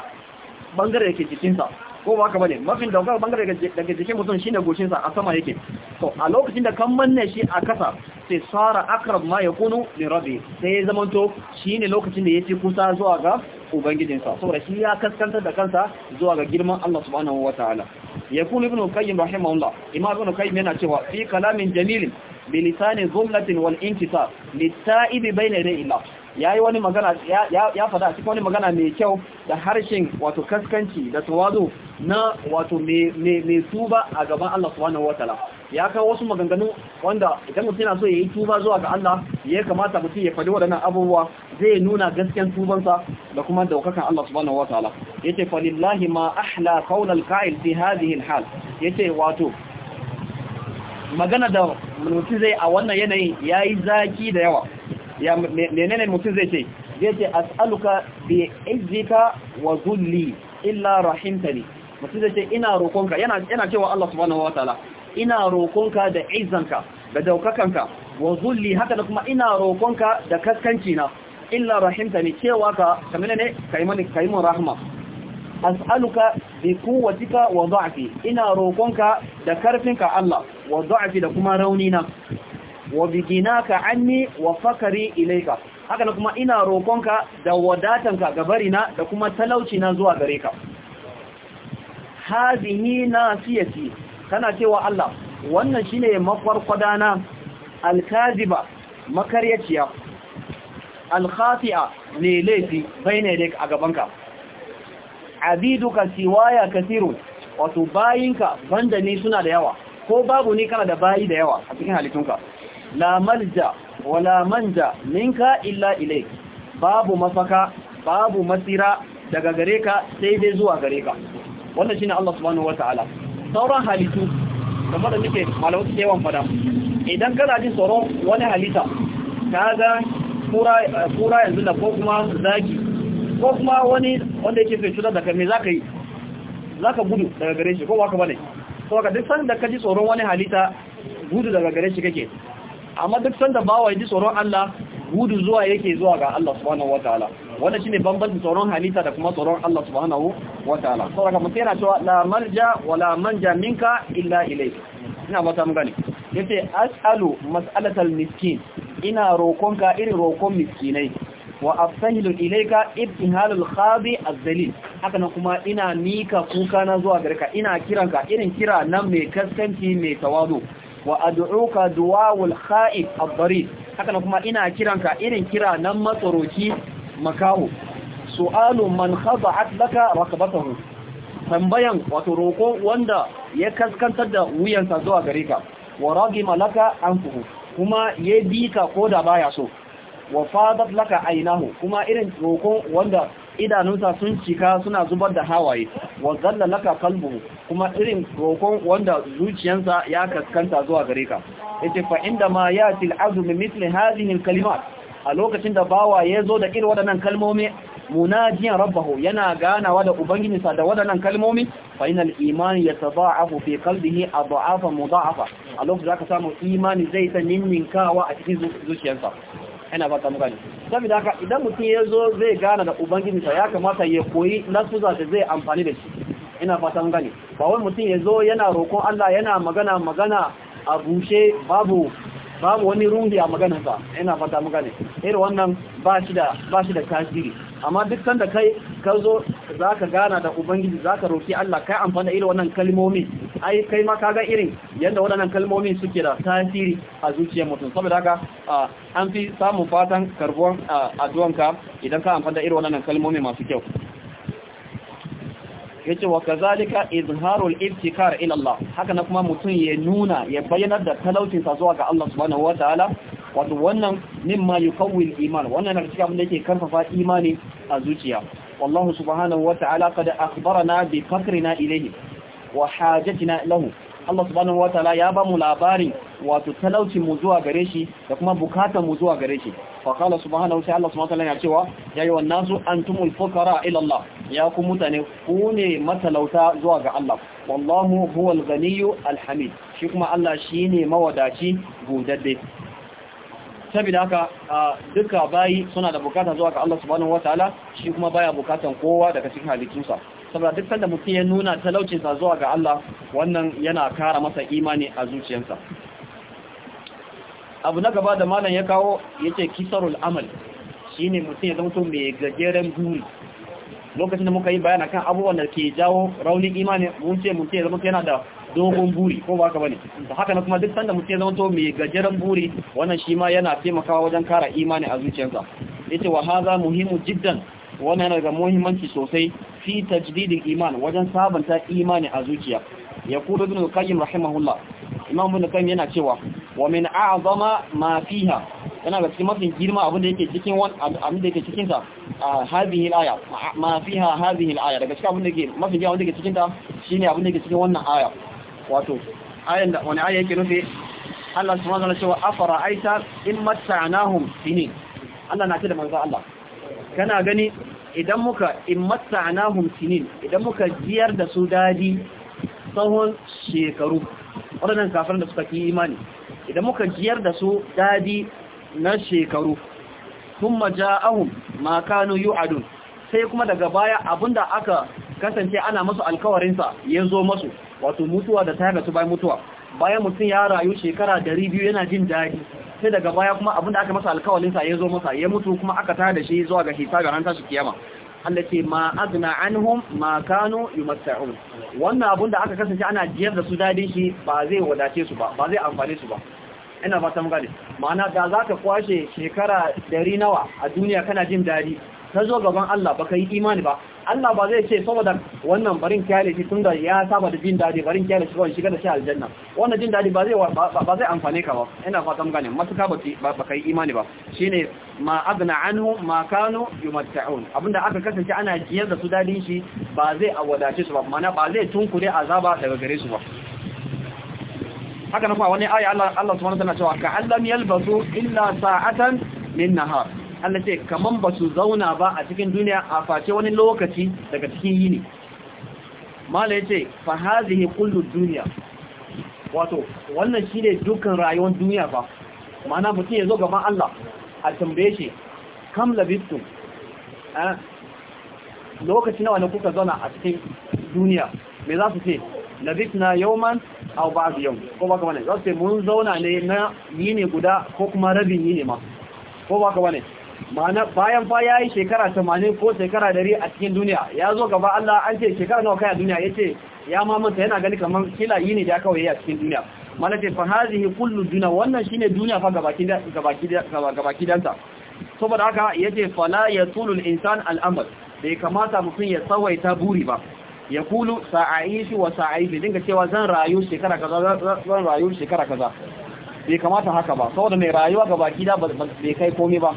S2: bangare da ke jikinsa ko ba ka bane mafin daukar bangare daga jikin mutum shine goshin sa a sama yake to a lokacin da kan manne shi a kasa sai sara akrab ma yakunu li rabbi sai ya zaman to ne lokacin da ya yace kusa zuwa ga ubangijinsa. sa saboda shi ya kaskantar da kansa zuwa ga girman Allah subhanahu wataala yakunu ibn qayyim rahimahullah imam ibn qayyim yana cewa fi kalamin jamilin bi lisanin zumlatin wal inkisar litta'ibi bayna yadayi Allah ya yi wani magana ya fada cikin wani magana mai kyau da harshen wato kaskanci da tawazu na wato mai tuba a gaban Allah subhanahu wataala ya kawo wasu maganganu wanda idan mutum yana so ya yi tuba zuwa ga Allah ya kamata mutum ya fadi waɗannan abubuwa zai nuna gaskiyar tubansa da kuma daukakan Allah subhanahu wataala yace fa lillahi ma ahla qawl al-qa'il fi hadhihi al-hal yace wato magana da mutum zai a wannan yanayin yayi zaki da yawa ya menene mutum zai ce zai ce as'aluka bi izzika wa zulli illa rahimtani mutum zai ce ina roƙonka yana yana cewa Allah subhanahu wataala ina roƙonka da izzanka da daukakanka wa zulli haka da kuma ina roƙonka da kaskanci na illa rahimtani cewa ka kamar ne kai mani kai mun rahma as'aluka bi quwwatika wa da'fi ina roƙonka da karfinka Allah wa da'fi da kuma raunina wa biginaka anni wa fakari ilaika haka kuma ina rokonka da wadatanka ga barina da kuma talauci na zuwa gare ka hazihi nasiyati kana cewa Allah wannan shine mafarkwadana alkaziba makaryaciya alkhati'a ne laifi baina yadayka a gabanka abiduka siwaya kathiru wato bayinka banda ni suna da yawa ko babu ni kana da bayi da yawa a cikin halittunka la malja wala manja minka illa ilaik babu mafaka babu masira daga gare ka sai dai zuwa gare ka wannan shine Allah subhanahu wataala sauran halittu kamar da muke malamu su yawan fada idan kana jin tsoron wani halitta kaga kura kura yanzu da ko kuma zaki ko kuma wani wanda yake fice da kai me zaka yi zaka gudu daga gare shi ko waka bane to ka duk san da ka tsoron wani halitta gudu daga gare shi kake amma duk sanda bawa yaji tsoron Allah gudu zuwa yake zuwa ga Allah subhanahu wataala wanda shine bambancin tsoron halitta da kuma tsoron Allah subhanahu wataala saboda mun tsira cewa la malja wala manja minka illa ilayk ina mata mun gane yace as'alu mas'alatal miskin ina rokonka irin rokon miskinai wa afsahilu ilayka ibtihalul khabi az-zalil haka nan kuma ina mika kuka na zuwa garka ina kiranka irin kira nan mai kaskanci mai tawadu wa ad'uka duwawul kha'if ad-dari haka kuma ina kiranka irin kira nan matsoroki makaho su'alu man khada'at laka rakabatahu tambayan wato roko wanda ya kaskantar da wuyansa zuwa gare ka wa ragima laka anfuhu kuma ya bi ka koda baya so wa fadat laka ainahu kuma irin rokon wanda idanunsa sun cika suna zubar da hawaye wa zalla laka kalbu kuma irin rokon wanda zuciyansa ya kaskanta zuwa gare ka yace fa inda ma yati al'azm mithli hadhihi al-kalimat a lokacin da bawa ya zo da irin wadannan kalmomi munajiyan rabbahu yana ganawa da ubangijinsa da wadannan kalmomi fa inal iman yatada'afu fi qalbihi adha'afa mudha'afa a lokacin da ka samu imani zai ta ninninkawa a cikin zuciyarsa ina ba ta saboda haka idan mutum ya zo zai gana da sa ya kamata ya koyi nasuza da zai amfani da shi ina fatan gani ba wai mutum ya zo yana roƙon Allah yana magana magana a bushe babu babu wani rungi a maganarsa yana fata muka iri wannan ba shi da tasiri amma duk da kai ka zo za ka gana da ubangiji za ka roki Allah kai amfani irin wannan kalmomi ai kai ma kaga irin yadda waɗannan kalmomi suke da tasiri a zuciyar mutum saboda haka an fi samun fatan karbuwan addu'anka idan ka da irin waɗannan kalmomi masu kyau yace wa kazalika izharul ibtikar ila Allah haka na kuma mutum ya nuna ya bayyanar da talaucin sa zuwa ga Allah subhanahu wataala wato wannan mimma yukawwil iman wannan na cikin da yake karfafa imani a zuciya wallahu subhanahu wataala qad akhbarana bi fakrina ilayhi wa hajatina lahu Allah subhanahu ya ba mu labarin wato talauci mu zuwa gare shi da kuma bukatar mu zuwa gare shi fa qala subhanahu ta'ala Allah subhanahu wataala ya cewa ya yi wannan su antumul fuqara ila Allah ya ku mutane ku ne matalauta zuwa ga Allah wallahu huwal ganiyyu alhamid shi kuma Allah shine mawadaci budadde saboda haka duka bayi suna da bukata zuwa ga Allah subhanahu Ta'ala shi kuma baya bukatan kowa daga cikin halittunsa saboda duk sanda mutum ya nuna talaucinsa zuwa ga Allah wannan yana kara masa imani a zuciyarsa abu na gaba da malam ya kawo yace kisarul amal shine mutum ya zama mai gajeren buri lokacin da muka yi bayana kan abubuwan da ke jawo raunin imani mun ce mutum ya zama yana da dogon buri ko ba haka bane to haka na kuma duk sanda mutum ya zama to mai gajeren buri wannan shi ma yana taimakawa wajen kara imani a zuciyarsa yace wa hadha muhimu jiddan wannan yana da muhimmanci sosai fi tajdidin iman wajen sabanta imani a zuciya ya kudu bin al-qayyim rahimahullah imam ibn qayyim yana cewa wa min a'zama ma fiha yana da cikin mafi girma abin da yake cikin wan abin da yake cikin ta hadhihi al-aya ma fiha hadhihi al-aya daga cikin abin da yake mafi girma wanda yake cikin ta shine abin da yake cikin wannan aya wato ayan da wani aya yake nufi Allah subhanahu wa ta'ala cewa afara aita in matta'nahum sinin Allah na ce da manzo Allah kana gani idan muka na hunsinin idan muka jiyar da su dadi tsawon shekaru waɗannan kafin da suka ki imani idan muka jiyar da su dadi na shekaru maja ahun ma yi adun sai kuma daga baya abinda aka kasance ana masu alkawarinsa ya zo masu wato mutuwa da ta yaga su bayan mutuwa bayan mutum ya rayu shekara 200 yana jin daɗi sai daga baya kuma abinda aka masa alkawalin sa ya zo masa ya mutu kuma aka tara da shi zuwa ga ga ran tashi kiyama Allah ce ma azna anhum ma kanu yumatta'un wannan abinda aka kasance ana jiyar da su dadin shi ba zai wadace su ba ba zai amfane su ba ina fata mun gane ma'ana da zaka kwashe shekara ɗari nawa a duniya kana jin dadi ka zo gaban Allah baka yi imani ba Allah ba zai ce saboda wannan barin kyale shi tunda ya saba da jin dadi barin kyale shi kawai shiga da shi aljanna wannan jin dadi ba zai ba zai amfane ka ba ina fatan gane matuka ba ba kai imani ba shine ma agna anhu ma kanu yumatta'un abinda aka kasance ana jiyar da su dadin shi ba zai awadace su ba mana ba zai tunkure azaba daga gare su ba haka na kuma wani aya Allah Allah subhanahu wa ta'ala cewa ka allam yalbasu illa sa'atan min nahar Allah ce kaman ba su zauna ba a cikin duniya a face wani lokaci daga cikin yini mala yace fa hazihi kullu dunya wato wannan shine dukkan rayuwar duniya ba Mana mutum ya zo gaban Allah a tambaye shi kam labistu lokaci nawa ne kuka zauna a cikin duniya me za su ce labitna yawman aw ba'd yawm ko ba ne? za su ce mun zauna ne na yini guda ko kuma rabin yini ma ko ba ne? bayan fa yi shekara tamanin ko shekara dari a cikin duniya ya zo gaba Allah an ce shekara nawa kai a duniya Ya ce ya mamanta yana gani kamar kila yi ne da kawai a cikin duniya mana ce fa hazihi kullu duna wannan shine duniya fa gabaki da gabaki da gabaki danta saboda haka yace fala yatulul insan al'amal bai kamata mutum ya tsawaita buri ba ya kulu sa'aishi wa sa'aishi dinga cewa zan rayu shekara kaza zan rayu shekara kaza bai kamata haka ba saboda mai rayuwa gabaki da bai kai komai ba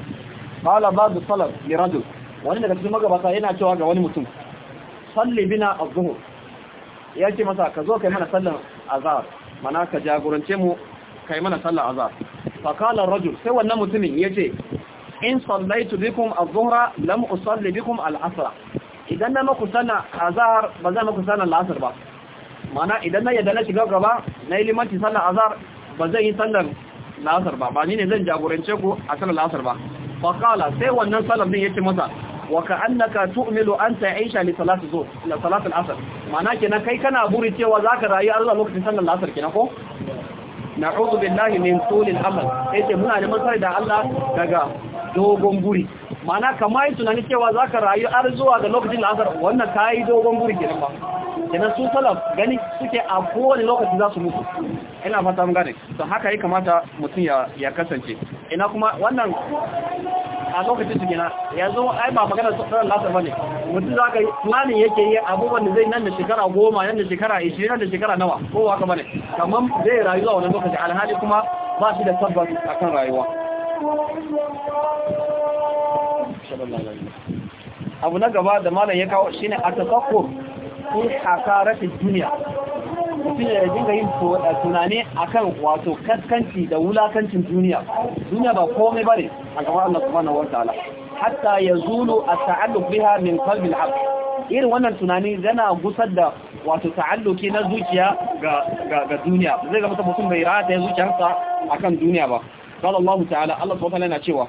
S2: qala ba'd salaf li rajul wani daga cikin magabata yana cewa ga wani mutum salli bina az-zuhr yace masa ka zo kai mana sallar azhar mana ka jagorance mu kai mana sallar azhar fa qala ar-rajul sai wannan mutumin yace in sallaitu bikum az-zuhra lam usalli bikum al-asr idan na maku sallar azhar ba zan maku sallar al-asr ba mana idan na yadda na shiga gaba na yi limanci sallar azhar ba zan yi sallar lasar ba ba ni ne zan jagorance ku a sallar lasar ba Faƙala sai wannan salaf din yace masa wa ka'annaka tu'milu an ta'isha li salati zuhr la salati al ma'ana kenan kai kana buri cewa zaka rayu Allah lokacin sallar al kenan ko na'udhu billahi min tulil amal yace muna neman sai da Allah daga dogon buri ma'ana kamar tunani cewa zaka rayu har zuwa ga lokacin al-asr wannan kai dogon buri kenan ba kenan su salaf gani suke a kowane lokaci za su mutu ina fata mun gane to haka ya kamata mutum ya kasance ina kuma wannan a lokacin su gina yanzu ai ba magana tsoron lasa bane mutum za ka yi planning yake yi abubuwan da zai nan da shekara goma nan da shekara 20 nan da shekara nawa ko haka bane kamar zai rayuwa wannan lokacin alhali kuma ba shi da tabbas akan rayuwa abu na gaba da malam ya kawo shine a tasakkur fi hasaratin duniya mutum ya dinga yin eh, tunane akan wato kaskanci da wulakancin duniya duniya ba komai bane a gaban Allah subhanahu wataala hatta yazulu at-ta'alluq biha min qalbi al-'abd irin wannan tunani yana gusar da wato ta'alluki na zuciya ga ga duniya zai ga mutum bai rata ya zuciyarsa akan duniya ba Allah ta'ala allah الله سبحانه yana cewa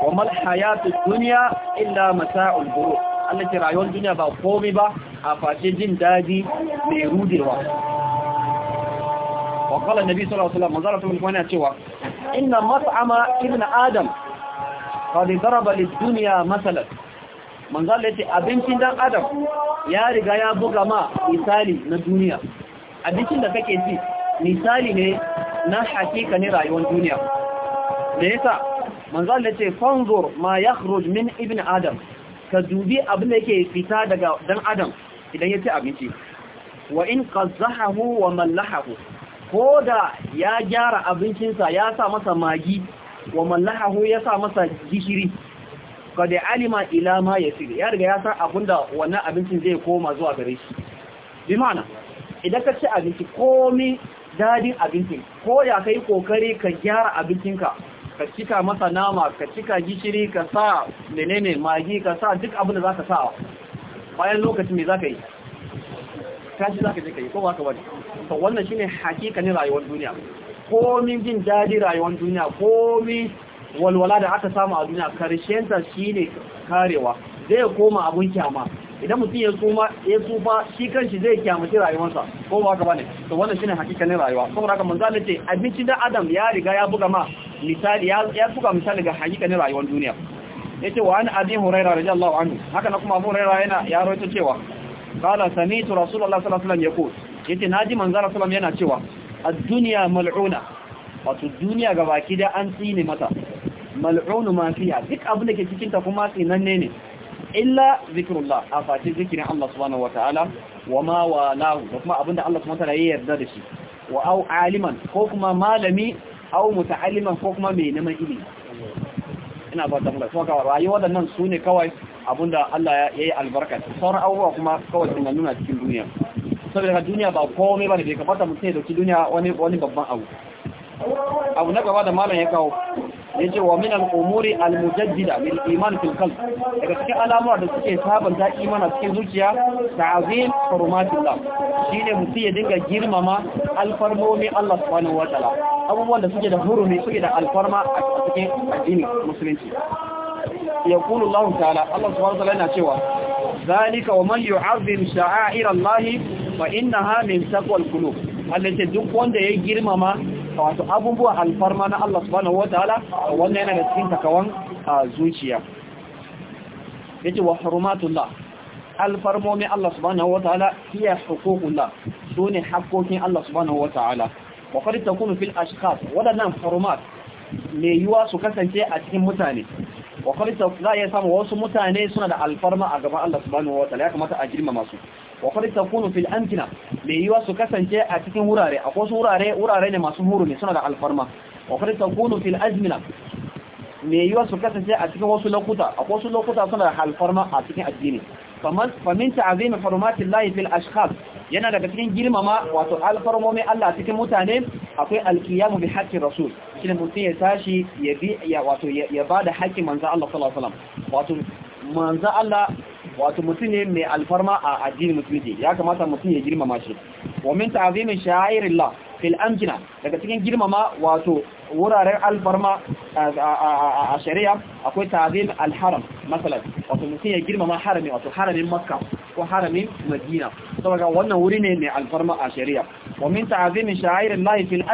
S2: wa mal hayatud dunya illa mata'ul ghurur Allah ce rayuwar duniya ba komai ba a face jin daji mai rudewa wa qala sallallahu alaihi wasallam manzaratu min kwana cewa inna mat'ama ibn adam qad daraba lid-dunya masalan manzala yace abincin dan adam ya riga ya buga ma misali na duniya abincin da kake ci misali ne na hakika ne rayuwar duniya da yasa manzala yace fanzur ma yakhruj min ibn adam ka dubi abin da yake fita daga dan adam idan ya ci abinci wa in qazzahu wa mallahahu ko da ya gyara abincinsa ya sa masa magi wa mallahahu ya sa masa gishiri ka da alima ila ma ya fi ya riga ya san abinda wannan abincin zai koma zuwa gare shi bi mana idan ka ci abinci komi dadin abincin ko ya kai kokari ka gyara abincinka ka cika masa nama ka cika gishiri ka sa menene magi ka sa duk abin da zaka sa bayan lokacin me zaka yi za zaka je kai ko ba ka bane to wannan shine hakikanin rayuwar duniya komin jin daɗi rayuwar duniya komin walwala da aka samu a duniya ta shine karewa zai koma abun kyama idan mutum ya tsufa ya tsufa shi kanshi zai kyamaci rayuwarsa ko ba ka bane to wannan shine hakikanin rayuwa saboda haka manzo ce abinci da adam ya riga ya buga ma misali ya buga misali ga hakikanin rayuwar duniya yace wa an abi hurairah radiyallahu anhu haka na kuma abu hurairah yana ya rawaito cewa qala sami'tu rasulullah sallallahu alaihi wasallam yaqul yace naji manzo rasulullah yana cewa ad-dunya mal'una wato duniya gabaki da an tsine mata mal'unu ma fiha duk abin da ke cikin ta kuma tsinanne ne illa zikrullah a fati zikirin Allah subhanahu wataala wa ma walahu da kuma abin da Allah subhanahu wataala ya yarda da shi wa au aliman ko kuma malami au muta'alliman ko kuma mai neman ilimi ina ba tambaya so kawai rayuwar waɗannan su ne kawai abinda Allah ya yi albarka sauran abubuwa kuma kawai sun nuna cikin duniya saboda duniya ba komai ba ne bai kamata mutum ya dauki duniya wani wani babban abu abu na gaba da malam ya kawo yace wa min al-umuri al-mujaddida bil iman fil qalb daga cikin alamar da suke sabanta a cikin zuciya ta'zim hurumatillah shine mutum ya dinga girmama alfarmomi Allah subhanahu wataala abubuwan da suke da hurumi suke da alfarma a cikin addini musulunci yaqulu Allah ta'ala Allah subhanahu wataala yana cewa zalika wa man yu'azzim sha'air Allah fa innaha min taqwal qulub Allah duk wanda ya girmama wato abubuwa alfarma na Allah subhanahu wataala wannan yana da cikin takawan zuciya yace wa hurumatullah alfarmomi Allah subhanahu wataala hiya huququllah sune hakokin Allah subhanahu wataala wa qad takunu fil ashkhas wadannan hurumat mai yiwa su kasance a cikin mutane wa kwarista za a iya samun wasu mutane suna da alfarma a gaban Allah subhanahu wa ta'ala ya kamata a girma masu wa kwarista kunu fil amkina mai yiwa su kasance a cikin wurare a wasu wurare wurare ne masu huru ne suna da alfarma wa kwarista kunu fil azmina mai yiwa su kasance a cikin wasu lokuta a wasu lokuta suna da alfarma a cikin addini faminta ta'azim harumatin lahi fil ashkhas yana daga cikin girmama wato alfarmomin Allah a cikin mutane akwai alkiyamu bi haqqi rasul shi mutum ya tashi ya ba da haƙƙin manzan Allah salasalam wato manzan Allah wato mutum ne mai alfarma a addinin musulunci ya kamata mutum ya girmama shi wa min ta'azimin sha'irillah fil amkina daga cikin girmama wato wuraren alfarma a shari'a akwai ta'zim alharam haram masalan wato mutum ya girmama harami wato haramin makka ko haramin madina saboda wannan wuri ne mai alfarma a shari'a wa min ta'zim sha'irin lahi fil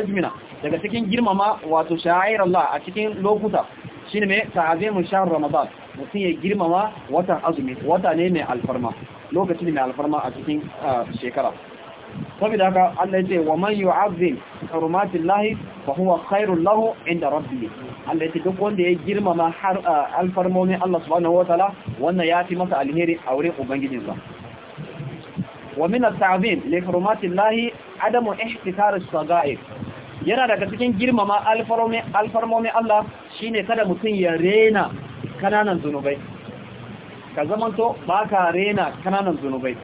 S2: azmina daga cikin girmama wato sha'irin lahi a cikin lokuta shine mai ta'zimu shahr ramadan mutum ya girmama watan azumi wata ne mai alfarma lokacin mai alfarma a cikin shekara saboda haka Allah ya ce wa man yu'azzim hurumatillahi fa huwa khairul lahu inda rabbih Allah ya ce duk wanda ya girmama har alfarmomin Allah subhanahu wataala wannan ya fi masa alheri a wurin ubangijinsa wa min at-ta'zim li hurumatillahi adamu ihtikar as-sagair yana daga cikin girmama alfarmomin alfarmomin Allah shine kada mutum ya rena kananan zunubai ka zamanto ba ka rena kananan zunubai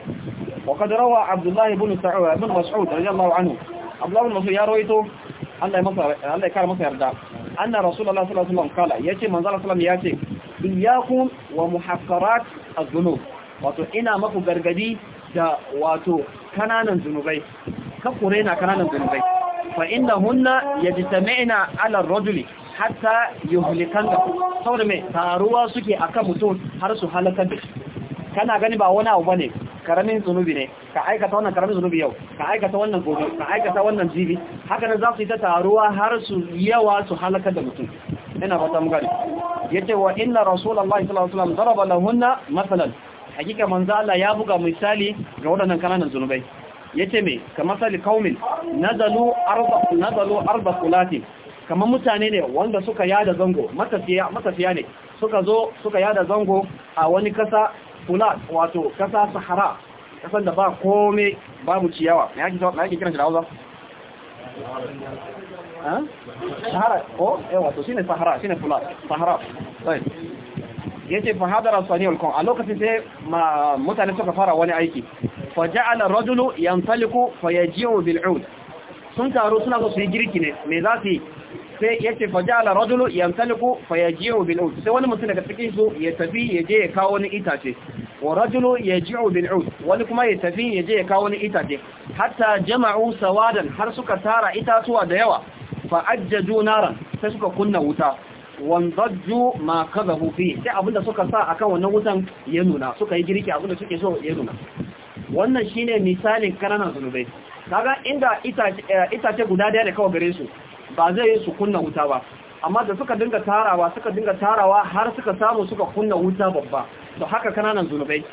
S2: وقد روى عبد الله بن بن مسعود رضي الله عنه عبد الله بن مسعود masa yarda anna rasulullah sallallahu alaihi wasallam kala yace manzo Allah sallallahu alaihi wa muhaffarat adh wato ina maku gargadi da wato kananan zunubai ka kurena kananan zunubai fa innahunna yajtami'na 'ala ar hatta yuhlikanka saboda me taruwa suke akan mutum har su halakar da shi kana gani ba wani abu ne. karamin zunubi ne ka aikata wannan karamin zunubi yau ka aikata wannan gobe ka aikata wannan jibi haka nan za su yi ta taruwa har su yawa su halakar da mutum ina fata mu gani yace wa inna rasulullahi sallallahu alaihi wasallam daraba lahunna masalan hakika manzo Allah ya buga misali ga waɗannan kananan zunubai yace me ka sali kaumin nazalu arba nazalu arba kulati kamar mutane ne wanda suka yada zango matafiya matafiya ne suka zo suka yada zango a wani kasa fulat wato kasa sahara kasan da ba kome babu ciyawa na yake kiran shi da hausa sahara ko yawa eh, to shine sahara shine fulat sahara sai yace fa hadara saniyul a lokacin sai mutane suka fara wani aiki fa ja'ala rajulu yantaliqu fayaji'u bil 'ud sun taru suna so su yi girki ne me za su yi sai yace fajala rajulu yamtaliku fayaji'u bil ud sai wani mutum daga cikin su ya tafi ya je ya kawo wani itace wa rajulu yaji'u bil ud wani kuma ya tafi ya je ya kawo wani itace hatta jama'u sawadan har suka tara itatuwa da yawa fa ajjadu naran sai suka kunna wuta dajju ma kazahu fi sai abinda suka sa akan wannan wutan ya nuna suka yi girki abinda suke so ya nuna wannan shine misalin kananan zunubai kaga inda itace eh, guda daya da kawai gare su ba zai yi su kunna wuta ba amma da suka dinga tarawa suka dinga tarawa har suka samu suka kunna wuta babba to haka kananan zunubai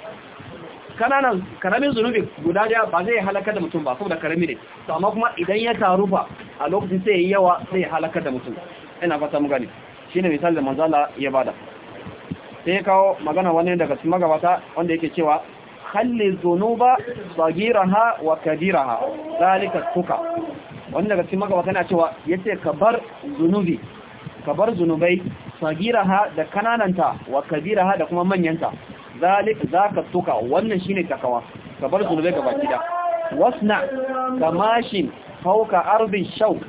S2: kananan karamin zunubi guda daya ba zai halaka da mutum ba saboda karami ne to amma kuma idan ya taru ba a lokacin sai yayi yawa sai ya halaka da mutum ina fata mu gani shine misali da manzala ya bada sai kawo magana wani daga cikin magabata wanda yake cewa khalli zunuba, sagiraha wa kabiraha zalika wannan daga cikin magabata na cewa yace ka bar zunubi ka bar zunubai sagiraha da kanananta wa kabiraha da kuma manyanta zalik zaka tuka wannan shine takawa ka bar zunubai gaba gida wasna kamashin fauka ardin shauk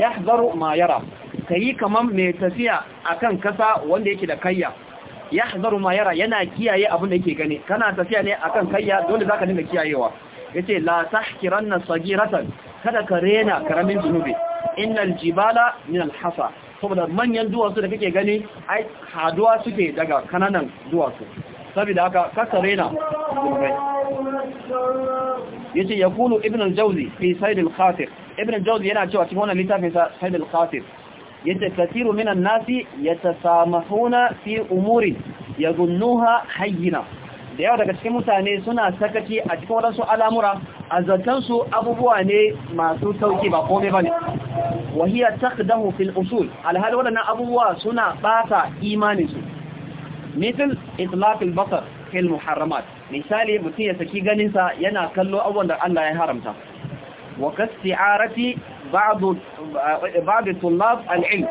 S2: yahzaru ma yara kayi kaman mai tafiya akan kasa wanda yake da kayya yahzaru ma yara yana kiyaye abin da yake gani kana tafiya ne akan kayya dole zaka dinga kiyayewa yace la tahkiranna sagiratan kada ka rena karamin zunubi innal jibala min hasa saboda manyan duwatsu da kake gani ai haduwa suke daga kananan duwatsu saboda haka kaka rena zunubai yace yaqulu ibn al-jawzi fi sayd al ibn al-jawzi yana cewa cikin wannan littafin sa sayd al-khatir yace kathiru minan nasi yatasamahuna fi umuri yadhunnuha hayyina da yawa daga cikin mutane suna sakaci a cikin waɗansu al'amura a zartansu abubuwa ne masu sauki ba kome ba ne wahiyar takdahu fil usul alhali waɗannan abubuwa suna ɓata imaninsu mitin itlafil bakar fil muharramat misali mutum ya saki ganinsa yana kallo abubuwan da allah ya haramta wa kasti'arati ba'd tullab al-ilm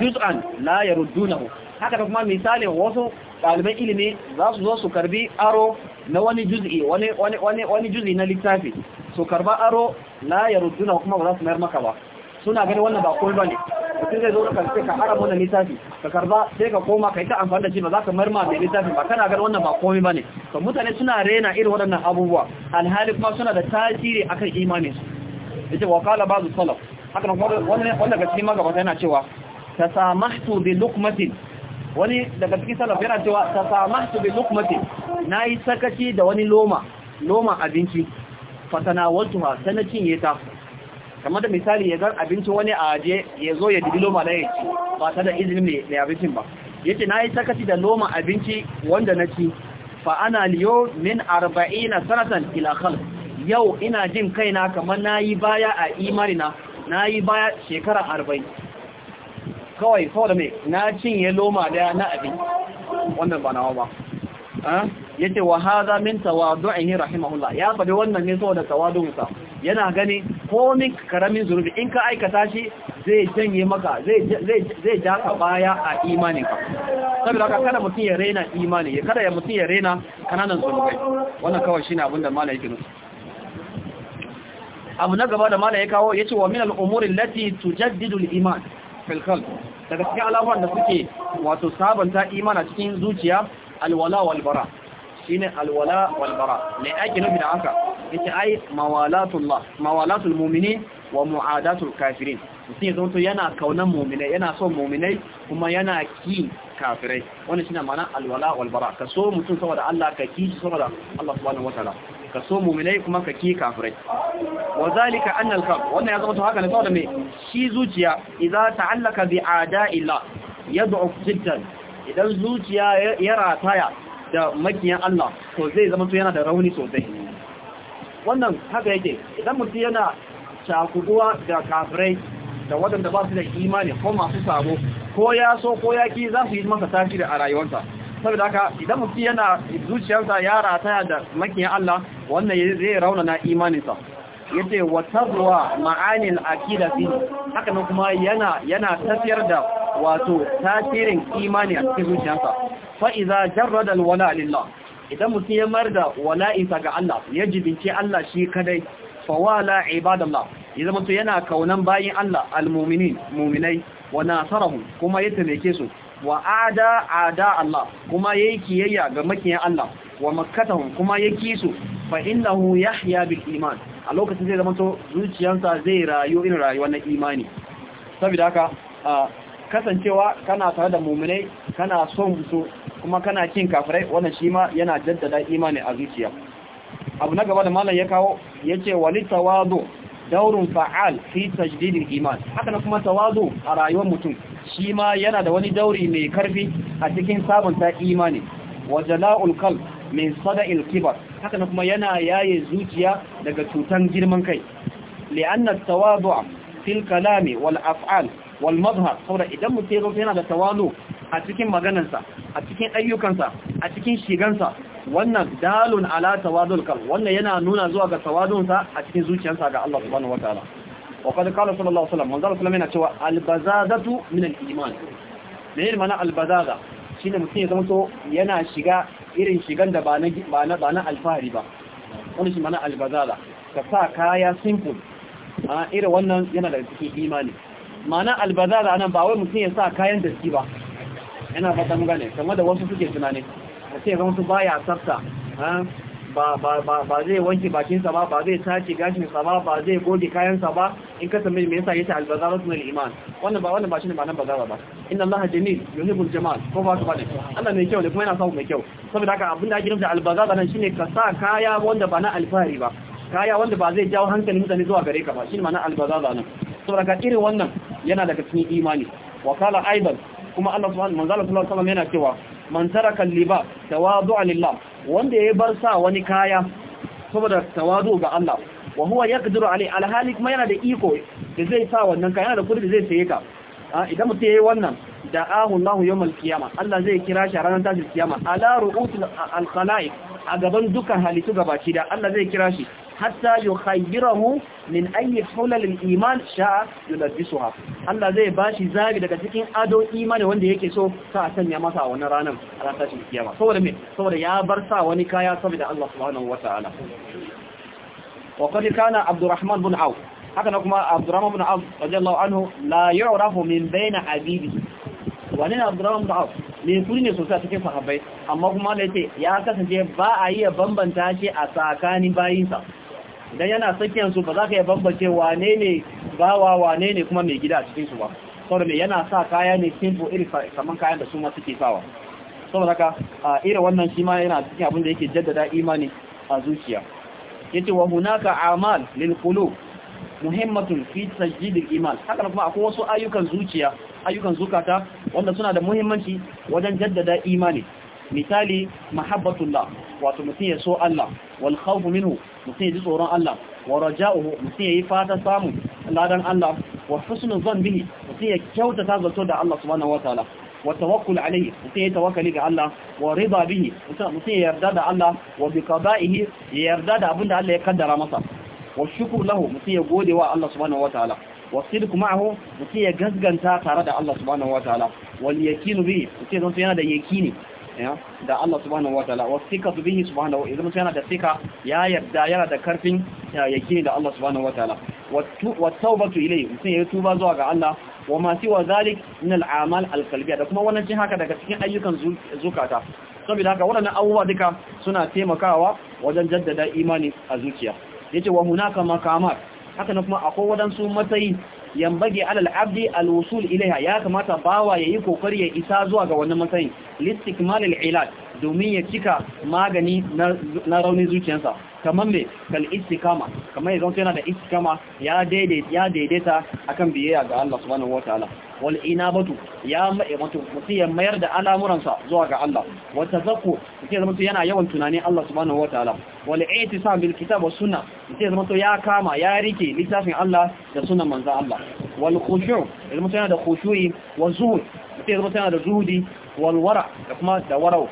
S2: juz'an la yaruddunahu haka kuma misali wasu ɗaliban ilimi za su zo su karbi aro na wani juz'i wani wani wani juz'i na littafi su karba aro ya yarudduna kuma ba za su mayar maka ba suna gani wannan ba komai bane mutum zai zo ka sai ka ara wannan littafi ka karba sai ka koma kai ta amfani da shi ba za ka marma mai littafi ba kana gani wannan ba komai bane to mutane suna rena irin waɗannan abubuwa alhali kuma suna da tasiri akan imanin su yace wa qala ba'd salaf haka nan wannan wannan ga cikin magabata yana cewa tasamahtu bi luqmatin wani daga cikin salaf yana cewa ta su bi Na yi sakaci da wani loma loma abinci ha sana cinye ta kamar da misali ya gan abincin wani a aje ya zo ya didi loma da ya ba ta da izinin mai abincin ba na yi sakaci da loma abinci wanda na ci fa ana liyo min 40 sanatan ila yau ina jin kaina kamar yi baya a imarina na yi baya shekara arba'in. kawai saboda mai na cinye loma daya na abin wannan ba nawa ba yace wa hadha min tawadu'ihi rahimahullah ya faɗi wannan ne saboda tawadu'unsa yana gani komai karamin zunubi in ka aikata shi zai janye maka zai zai jaka baya a imaninka saboda haka kada mutum ya raina imani ya kada ya mutum ya raina kananan zunubai wannan kawai shi ne abinda malai yake nufi abu na gaba da malai ya kawo yace wa min al lati allati tujaddidu iman filkal daga cikin alamar da suke wato sabanta imana cikin zuciya alwala walbara shine alwala walbara mai ake nufi da haka ita ai mawalatullah mawalatul mumini wa mu'adatul kafirin mutum ya zonto yana kaunan muminai yana son muminai kuma yana ki kafirai wani shi na mana alwala walbara ka so mutum saboda Allah ka ki shi saboda Allah subhanahu wataala ka so muminai kuma ka ki kafirai wa zalika wannan ya zama to haka ne saboda me shi zuciya idza ta'allaka bi a'da'illah yad'u jiddan idan zuciya ya rataya da makiyan Allah to zai zama to yana da rauni sosai wannan haka yake idan mutum yana shakuduwa da kafirai da wadanda ba su da imani ko masu sabo ko ya so ko ya ki za su yi masa tasiri a rayuwarsa saboda haka idan mutum yana zuciyarsa ya rataya da makiyan Allah wannan zai raunana imaninsa yace wa tazwa ma'anin aqida fi haka nan kuma yana yana tafiyar da wato tasirin imani a cikin zuciyarsa fa iza jarrada wala lillah idan mutum ya mar da wala'isa ga Allah ya jibince Allah shi kadai fa wala ibadallah ya zama to yana kaunan bayin Allah almu'minin mu'minai wa nasarahu kuma ya taimake su wa ada ada Allah kuma yayi kiyayya ga makiyan Allah wa makkatahum kuma ya kisu fa innahu yahya bil iman a lokacin zai zama to zuciyarsa zai rayu in rayuwar na imani saboda haka kasancewa kana tare da mu'minai kana son su kuma kana kin kafirai wannan shi ma yana jaddada imani a zuciya abu na gaba da malam ya kawo yace walitawadu daurin fa'al fi tajdidil iman haka na kuma tawadu a rayuwar mutum shi ma yana da wani dauri mai karfi a cikin sabunta imani wajala'ul kal min sada'il kibar haka na kuma yana yaye zuciya daga cutan girman kai li'anna tawadu'a fil kalami wal af'al wal mazhar saboda idan mutum yana da tawadu a cikin maganarsa a cikin ayyukansa a cikin shigansa wannan dalun ala tawadul kal wannan yana nuna zuwa ga sa a cikin zuciyarsa ga Allah subhanahu wataala wa qad qala sallallahu alaihi wasallam manzo sallallahu yana cewa albazadatu min al-iman me yana mana albazada shine mutum ya zama to yana shiga irin shigan da ba na ba na alfahari ba wannan shi mana albazada ka sa kaya simple a irin wannan yana da cikin imani mana albazada nan ba wai mutum ya sa kayan da ba yana fata mu gane kamar da wasu suke tunani sai ga wasu baya tsafta ba zai wanke bakinsa ba ba zai tace gashinsa ba ba zai goge kayansa ba in ka sami me yasa yace albazaratu min iman wannan ba wannan ba shine ma'anar bazara ba inna allaha jamil yuhibbul jamal ko ba ka bane Allah mai kyau ne kuma yana samu mai kyau saboda haka abinda ake nufi albazara nan shine ka sa kaya wanda ba na alfahari ba kaya wanda ba zai jawo hankalin mutane zuwa gare ka ba shine ma'anar albazara nan saboda ka irin wannan yana daga cikin imani wa kala aidan kuma Allah subhanahu wa ta'ala yana cewa man taraka liba tawadu'a lillah wanda ya bar sa wani kaya saboda tawadu ga Allah wa huwa yaqdiru alai alhalik ma yana da iko da zai sa wannan kaya yana da kudi zai saye ka idan mutum yayi wannan da ahullahu yawmal qiyama Allah zai kira shi ranar tashin kiyama ala ru'usul alqala'iq a gaban dukan halittu gabaki da Allah zai kira shi hatta yukhayyirahu min ayyi hulalil iman sha'a yulabbisuha Allah zai bashi zabi daga cikin ado imani wanda yake so sa a sanya masa a wannan ranar a ranar tashin kiyama saboda me saboda ya bar sa wani kaya saboda Allah subhanahu wataala wa qad kana Abdurrahman bin Auf haka na kuma Abdurrahman bin Auf radiyallahu anhu la yu'rafu min bayna habibi wani na Abdurrahman bin Auf ne kuri ne sosai a cikin sahabbai amma kuma da yace ya kasance ba a iya bambanta shi a tsakanin bayinsa Idan yana tsakiyar su ba za ka yi bambance wane ne bawa wane ne kuma mai gida a cikin su ba saboda mai yana sa kaya ne simple iri saman kayan da su ma suke sawa saboda haka ira wannan shi ma yana cikin abin da yake jaddada imani a zuciya yace wa hunaka amal lil qulub muhimmatun fi tajdidil iman haka kuma akwai wasu ayyukan zuciya ayyukan zukata wanda suna da muhimmanci wajen jaddada imani misali mahabbatullah wato mutum ya so Allah wal khawfu minhu mutum ya ji tsoron Allah wa raja'uhu mutum ya yi fata samu ladan Allah wa husnul zan bihi mutum ya kyautata zato da Allah subhanahu wataala wa tawakkul alayhi mutum ya tawakkali ga Allah wa rida bihi mutum ya yarda da Allah wa bi qada'ihi ya yarda da abinda Allah ya kaddara masa wa shukru lahu mutum ya gode wa Allah subhanahu Wa wasidku ma'ahu mutum ya gasganta tare da Allah subhanahu wataala wal yakinu bihi, mutum yana da yakini da Allah subhanahu wataala wa sika su bihi subhanahu idan mutum yana da sika ya yarda yana da karfin yake da Allah subhanahu wataala wa tawbatu ilayhi mutum ya tuba zuwa ga Allah wa ma siwa zalik min al al-qalbiyya da kuma wannan cin haka daga cikin ayyukan zukata saboda haka waɗannan abubuwa duka suna taimakawa wajen jaddada imani a zuciya yace wa hunaka makamat haka kuma akwai wadansu matsayi yambage alal abdi alwusul ilaiha ya kamata bawa yayi kokari ya isa zuwa ga wannan matsayin listikmal alilaj domin ya cika magani na raunin zuciyarsa kamar me kal istikama kamar yanzu yana da istikama ya daidaita akan biyayya ga Allah subhanahu wataala wal inabatu ya mutu mutum ya mayar da al'amuransa zuwa ga Allah wa tazakku mutum ya zama yana yawan tunani Allah subhanahu wataala wal i'tisam bil kitab was sunna mutum ya zama ya kama ya rike littafin Allah da sunan manzon Allah wal khushu' mutum yana da khushu'i wa zuhud mutum ya zama yana da zuhudi wal wara da kuma da warau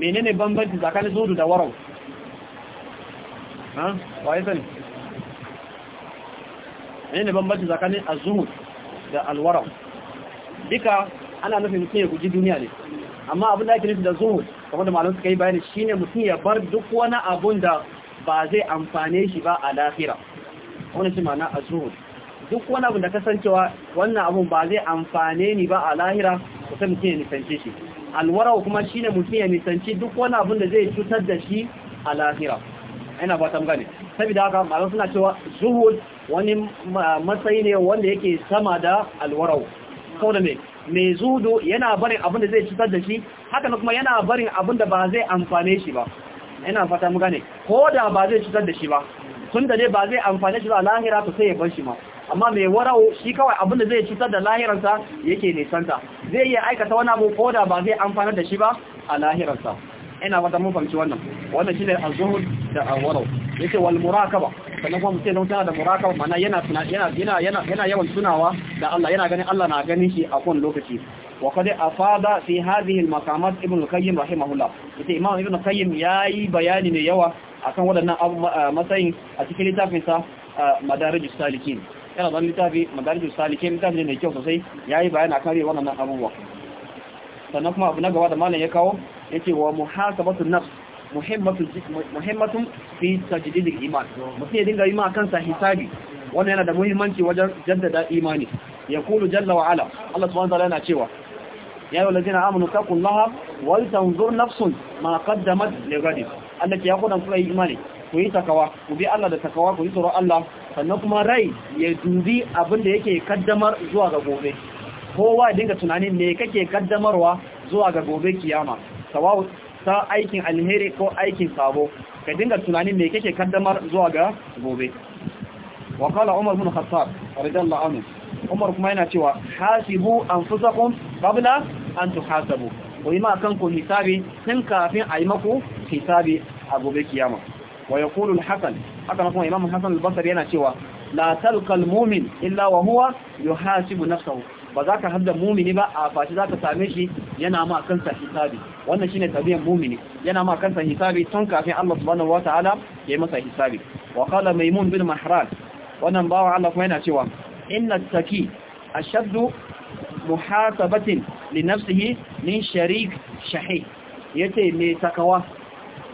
S2: menene bambanci tsakanin zuhudu da warau ha wa yasan menene bambanci tsakanin az da alwarau duka ana nufin mutum ya guji duniya ne amma abin da ake nufi da zuhud kamar da malamta suka yi bayani ne mutum ya bar duk wani abun da ba zai amfane shi ba a lafira wani shi ma'ana a zuhud duk wani abun da kasancewa wannan abun ba zai amfane ni ba a lahira sai mutum ya nisanci shi alwarau kuma shi ne mutum ya nisanci duk wani abun da zai cutar da shi a lahira ina ba tam gane haka malamta suna cewa zuhud wani matsayi ne wanda yake sama da alwarau saboda mai mai zudo yana barin abin da zai cutar da shi haka kuma yana barin abin da ba zai amfane shi ba yana fata mu gane ko da ba zai cutar da shi ba tun da ne ba zai amfane shi ba lahira to sai ya bar shi ma amma mai warau shi kawai abin da zai cutar da lahiransa yake nisanta zai iya aikata wani abu ko da ba zai amfanar da shi ba a lahiransa ina wata mun fahimci wannan wannan shine az-zuhud da awwaro yace wal murakaba sannan kuma mutum don tana da murakaba mana yana yana yana yana yawan tunawa da Allah yana ganin Allah na ganin shi a kowane lokaci wa qad afada fi hadhihi al-maqamat ibn al-qayyim rahimahullah yace imam ibn al-qayyim yayi bayani ne yawa akan waɗannan matsayin a cikin littafinsa madarijus salikin yana zan littafi madarijus salikin littafi ne kyau sosai yayi bayani akan wannan abubuwa sannan kuma abu na gaba da malam ya kawo ya ce wa muhasabatu nafs muhimmatun muhimmatun fi tajdidil iman mutum ya dinga yi ma kansa hisabi Wani yana da muhimmanci wajen jaddada imani kulu jalla wa ala Allah subhanahu wa ta'ala yana cewa ya ayyuhal ladina amanu taqullaha wa tanzur nafsun ma qaddamat lighadin Allah ya kudan kula imani ku yi takawa ku bi Allah da takawa ku yi tsoron Allah sannan kuma rai ya dubi abin da yake kaddamar zuwa ga gobe kowa ya dinga tunanin me kake kaddamarwa zuwa ga gobe kiyama sawau ta aikin alheri ko aikin sabo ka dinga tunanin me kake kaddamar zuwa ga gobe wa qala umar ibn khattab radiyallahu anhu umar kuma yana cewa hasibu anfusakum qabla an tuhasabu ko ima kanku hisabi tun kafin a yi maku hisabi a gobe kiyama wa yaqulu al-hasan haka kuma imam hasan al-basri yana cewa la talqa al-mu'min illa wa huwa yuhasibu nafsahu ba za ka hada mumini ba a fashi za ka same shi yana ma kansa hisabi wannan shine tabiyan mumini yana ma kansa hisabi tun kafin Allah subhanahu wataala ya yi masa hisabi wa qala maimun bin mahran wannan bawa Allah kuma yana cewa inna taki ashaddu muhasabatin li nafsihi min sharik shahi yace me takawa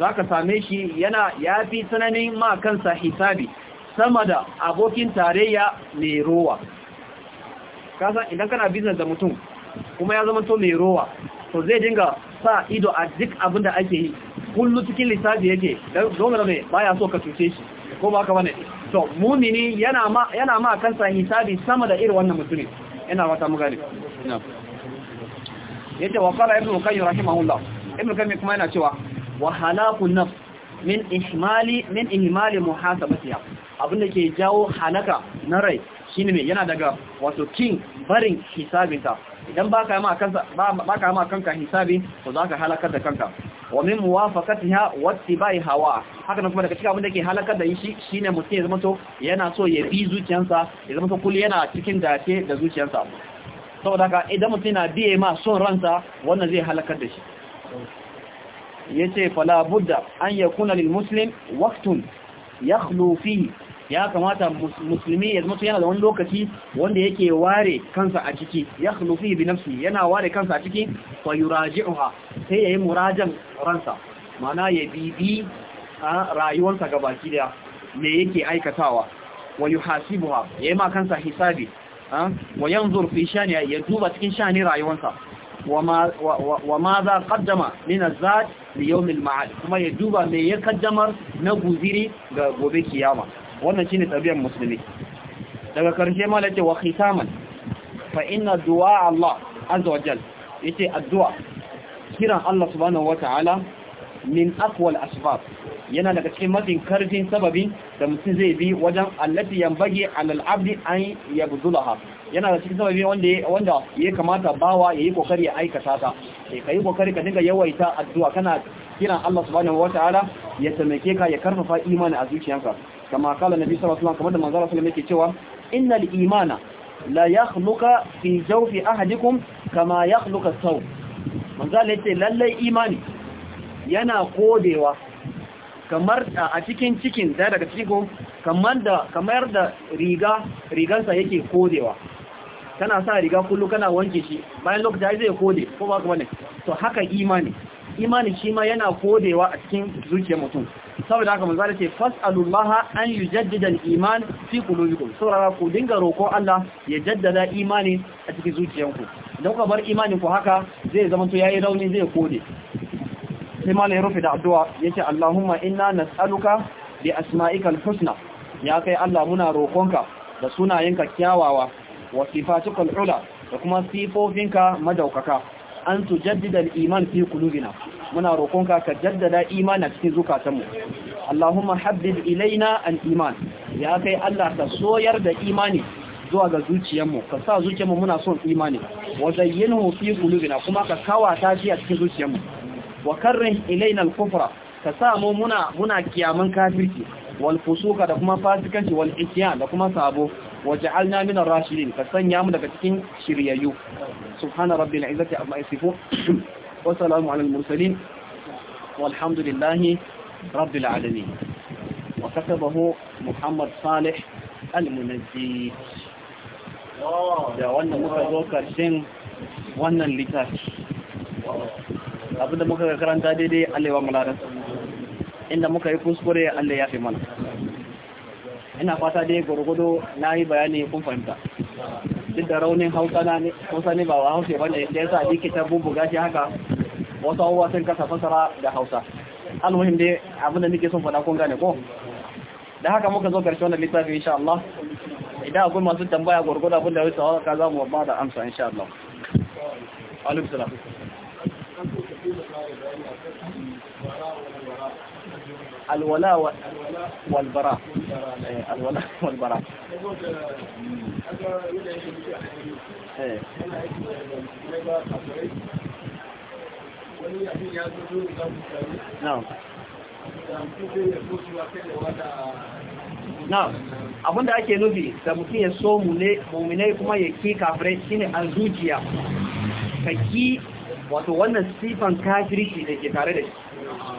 S2: zaka same shi yana yafi tsananin ma kansa hisabi sama da abokin tarayya mai rowa kasan idan kana business da mutum kuma ya zama to mai rowa to zai dinga sa ido a duk abin da ake yi kullu cikin lissafi yake don ba baya so ka cuce shi ko ba ka bane to mumini yana ma yana ma kansa hisabi sama da irin wannan mutumin ina wata mugari ina yace wa qala ibnu qayyim rahimahullah ibnu qayyim kuma yana cewa wa halaku naf min ihmali min ihmali abin abinda ke jawo halaka na rai shine ne yana daga wato king barin hisabinta idan baka yi ma kanka baka ma kanka hisabi to zaka halakar da kanka wa min muwafaqatiha wattibai hawa haka nan kuma daga cikin abin da ke halakar da shi shine mutum ya zama to yana so ya bi zuciyarsa ya zama to kullu yana cikin dace da zuciyarsa saboda haka idan mutum yana biye ma son ransa wannan zai halakar da shi yace fala budda an yakuna lil muslim waqtun yakhlu ya kamata musulmi ya zama yana da wani lokaci wanda yake ware kansa a ciki ya khulufi bi nafsi yana ware kansa a ciki fa yuraji'uha sai yayi murajan ransa mana ya bibi a rayuwarsa gabaki daya me yake aikatawa wa yuhasibuha yayi ma kansa hisabi wa yanzur fi shani ya duba cikin shani rayuwarsa wa ma za kaddama min azad li yawm al ma'ad kuma ya duba me ya kaddamar na guziri ga gobe kiyama wannan shine tabiyar musulmi daga karshe ma da ce wa khitaman fa inna du'a Allah azza wa yace addu'a kiran Allah subhanahu wa ta'ala min aqwal asbab yana daga cikin mafi karfin sababi da mutum zai bi wajen allati yambage alal abdi an yabzulaha yana da cikin sababi wanda wanda ya kamata bawa yayi kokari ya aikata ta sai eh, kai kokari ka dinga yawaita addu'a kana kiran Allah subhanahu wataala ya taimake ka ya karfafa imani a zuciyarka kama kala nabi sallallahu alaihi wasallam kamar da manzo sallallahu alaihi yake cewa innal imana la yakhluqa fi jawfi ahadikum kama yakhluqa saw manzo yace lallai imani yana kodewa kamar a cikin cikin da daga cikin kamar da kamar da riga rigansa yake kodewa kana sa riga kullu kana wanke shi bayan lokaci zai kode ko ba ka bane to haka imani imanin shi ma yana kodewa a cikin zuciyar mutum saboda haka manzo ce fas'alullaha an yujaddida al-iman fi qulubikum saboda ku dinga roko Allah ya jaddada imani a cikin zuciyanku idan kuka bar imanin ku haka zai zama to yayi rauni zai kode sai ma ya rufe da addu'a yace Allahumma inna nas'aluka bi asma'ikal husna ya kai Allah muna rokonka da sunayenka kyawawa wa sifatukal ula da kuma sifofinka madaukaka an tujaddida al-iman fi qulubina muna roƙonka ka jaddada imani a cikin zukatanmu Allahumma habbib ilaina al-iman ya kai Allah ka soyar da imani zuwa ga zuciyarmu ka sa zuciyarmu muna son imani wa zayyinhu fi qulubina kuma ka kawata shi a cikin zuciyarmu wa karrih ilaina al-kufra ka sa mu muna muna kiyaman kafirci wal fusuka da kuma fasikanci wal isyan da kuma sabo waj'alna min ar-rashidin ka sanya mu daga cikin shiryayyu subhana rabbil izzati amma yasifun wa salamu ala al-mursalin walhamdulillahi rabbil alamin wa katabahu muhammad salih al da wannan muka zo karshen wannan littafi abinda muka karanta daidai Allah ya wa inda muka yi kuskure Allah ya fi mana ina fata dai gurgudu na yi bayani kun fahimta duk da raunin hausa na ne hausa ne ba wa hausa ba ne da yasa dike ta bubu shi haka wasu abubuwa sun kasa fasara da hausa almuhim dai abin da nake son faɗa kun gane ko da haka muka zo karshe wannan littafin insha Allah idan akwai masu tambaya gurgudu abin da ya wuce ka za mu ba da amsa insha Allah alaikum alwala walbara na abinda ake nufi da mutum ya so muminai kuma ya ki kafirai shine a zuciya ka ki wato wannan sifan kafirci da ke tare da shi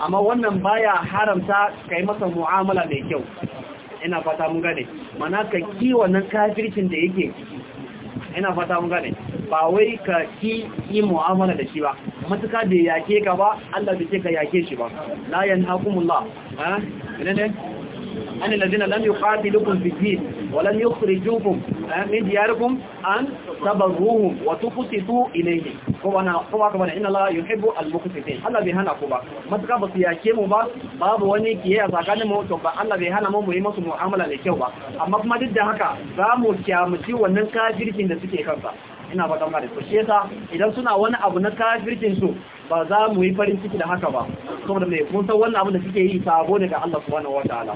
S2: amma wannan baya haramta kai masa mu'amala mai kyau ina fata mun gane mana ka ki wannan kafircin da yake ina fata mun gane ba wai ka ki yi mu'amala da shi ba matuka bai yake ka ba Allah bai ce ka yake shi ba la yanhaqumullah ha ne ani lazina lam yuqatilukum fi din wa lam yukhrijukum min diyarikum an tabarruhum wa tuqsitu ilayhi kuma na kuma kuma inna Allah yuhibbu al Allah bi hana kuma matka ba su yake mu ba babu wani kiye a zakanin to ba Allah bai hana mu mu yi musu mu'amala da kyau ba amma kuma duk da haka za mu kyamuci wannan kafirkin da suke kansa ina ba kamar da idan suna wani abu na kafirkin su ba za mu yi farin ciki da haka ba saboda mai kun san wannan abu da suke yi sabo daga Allah subhanahu wataala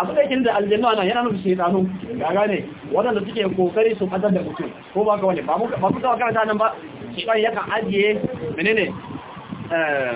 S2: abu da yake da aljanna ana yana nufin shedanu ga gane wadanda suke kokari su fadar da mutum ko ba ka wani ba mu ba mu ka karanta nan ba shedan yakan ajiye menene eh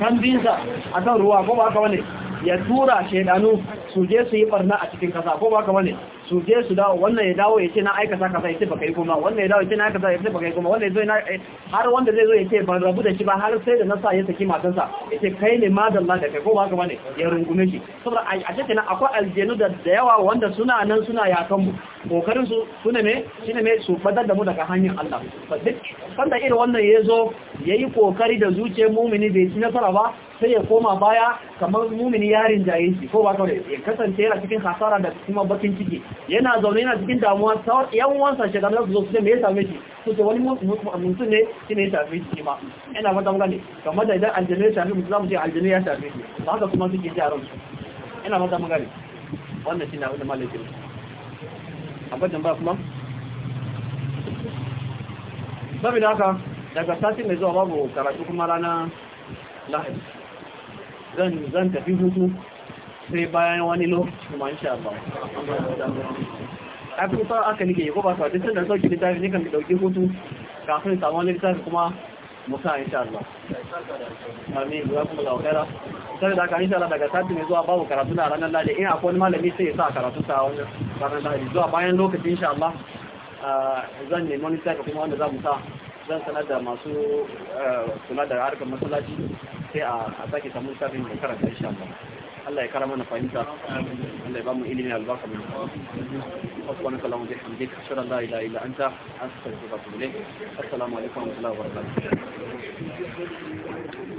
S2: a akan ruwa ko ba ka wani ya tura shaidanu su je su yi barna a cikin kasa ko ba kamar ne su je su dawo wannan ya dawo ya ce na aikata kasa ya ce baka yi kuma wannan ya dawo ya ce na aikata ya ce baka yi kuma wannan ya zo na eh, har wanda zai zo ya ce ban rabu da shi ba har sai da nasa ya saki matansa ya ce kai ne madalla da kai ko ba kamar ne ya rungume shi saboda a ce kenan akwai aljenu da yawa wanda suna nan suna yakan mu kokarin su suna me shine me su fadar da mu daga hanyar Allah ba duk sanda irin wannan ya zo yayi kokari da zuciyar mumini bai ci nasara ba sai ya koma baya kamar mumini yarin jayin shi ko ba kawai ya kasance yana cikin hasara da kuma bakin ciki yana zaune yana cikin damuwa sawar yan wansa shi gamar zo su ne me ya same shi su ce wani mutum ne shi ne ya shafe shi ma yana mata muka ne kamar da idan aljanu ya shafe mutum za mu ce aljanu ya shafe shi ba haka kuma suke ji a ransu yana mata muka ne wannan shi na wani malakin abin da ba kuma saboda haka daga satin mai zuwa babu karatu kuma rana lahadi zan tafi hutu sai bayan wani lokaci kuma insha Allah a kusa aka nike ko ba ta duk da sauki da ne kan dauki hutu kafin samu wani sai kuma musa insha Allah amin ya kuma lauƙera sai da ka insha Allah daga sati mai zuwa babu karatu na ranar lade in akwai malami sai ya sa karatu ta wannan ranar lade zuwa bayan lokaci insha Allah zan nemi wani littafi kuma wanda za mu sa zan sanar da masu eh, kula da harkar masallaci sai a sake samu sabin mai karanta insha Allah Allah ya kara mana fahimta Allah ya ba mu ilimin albarka mu subhanahu wa ta'ala wa kala ashhadu an la ilaha illa anta astaghfiruka wa atubu ilayk assalamu alaikum wa rahmatullahi wa
S1: barakatuh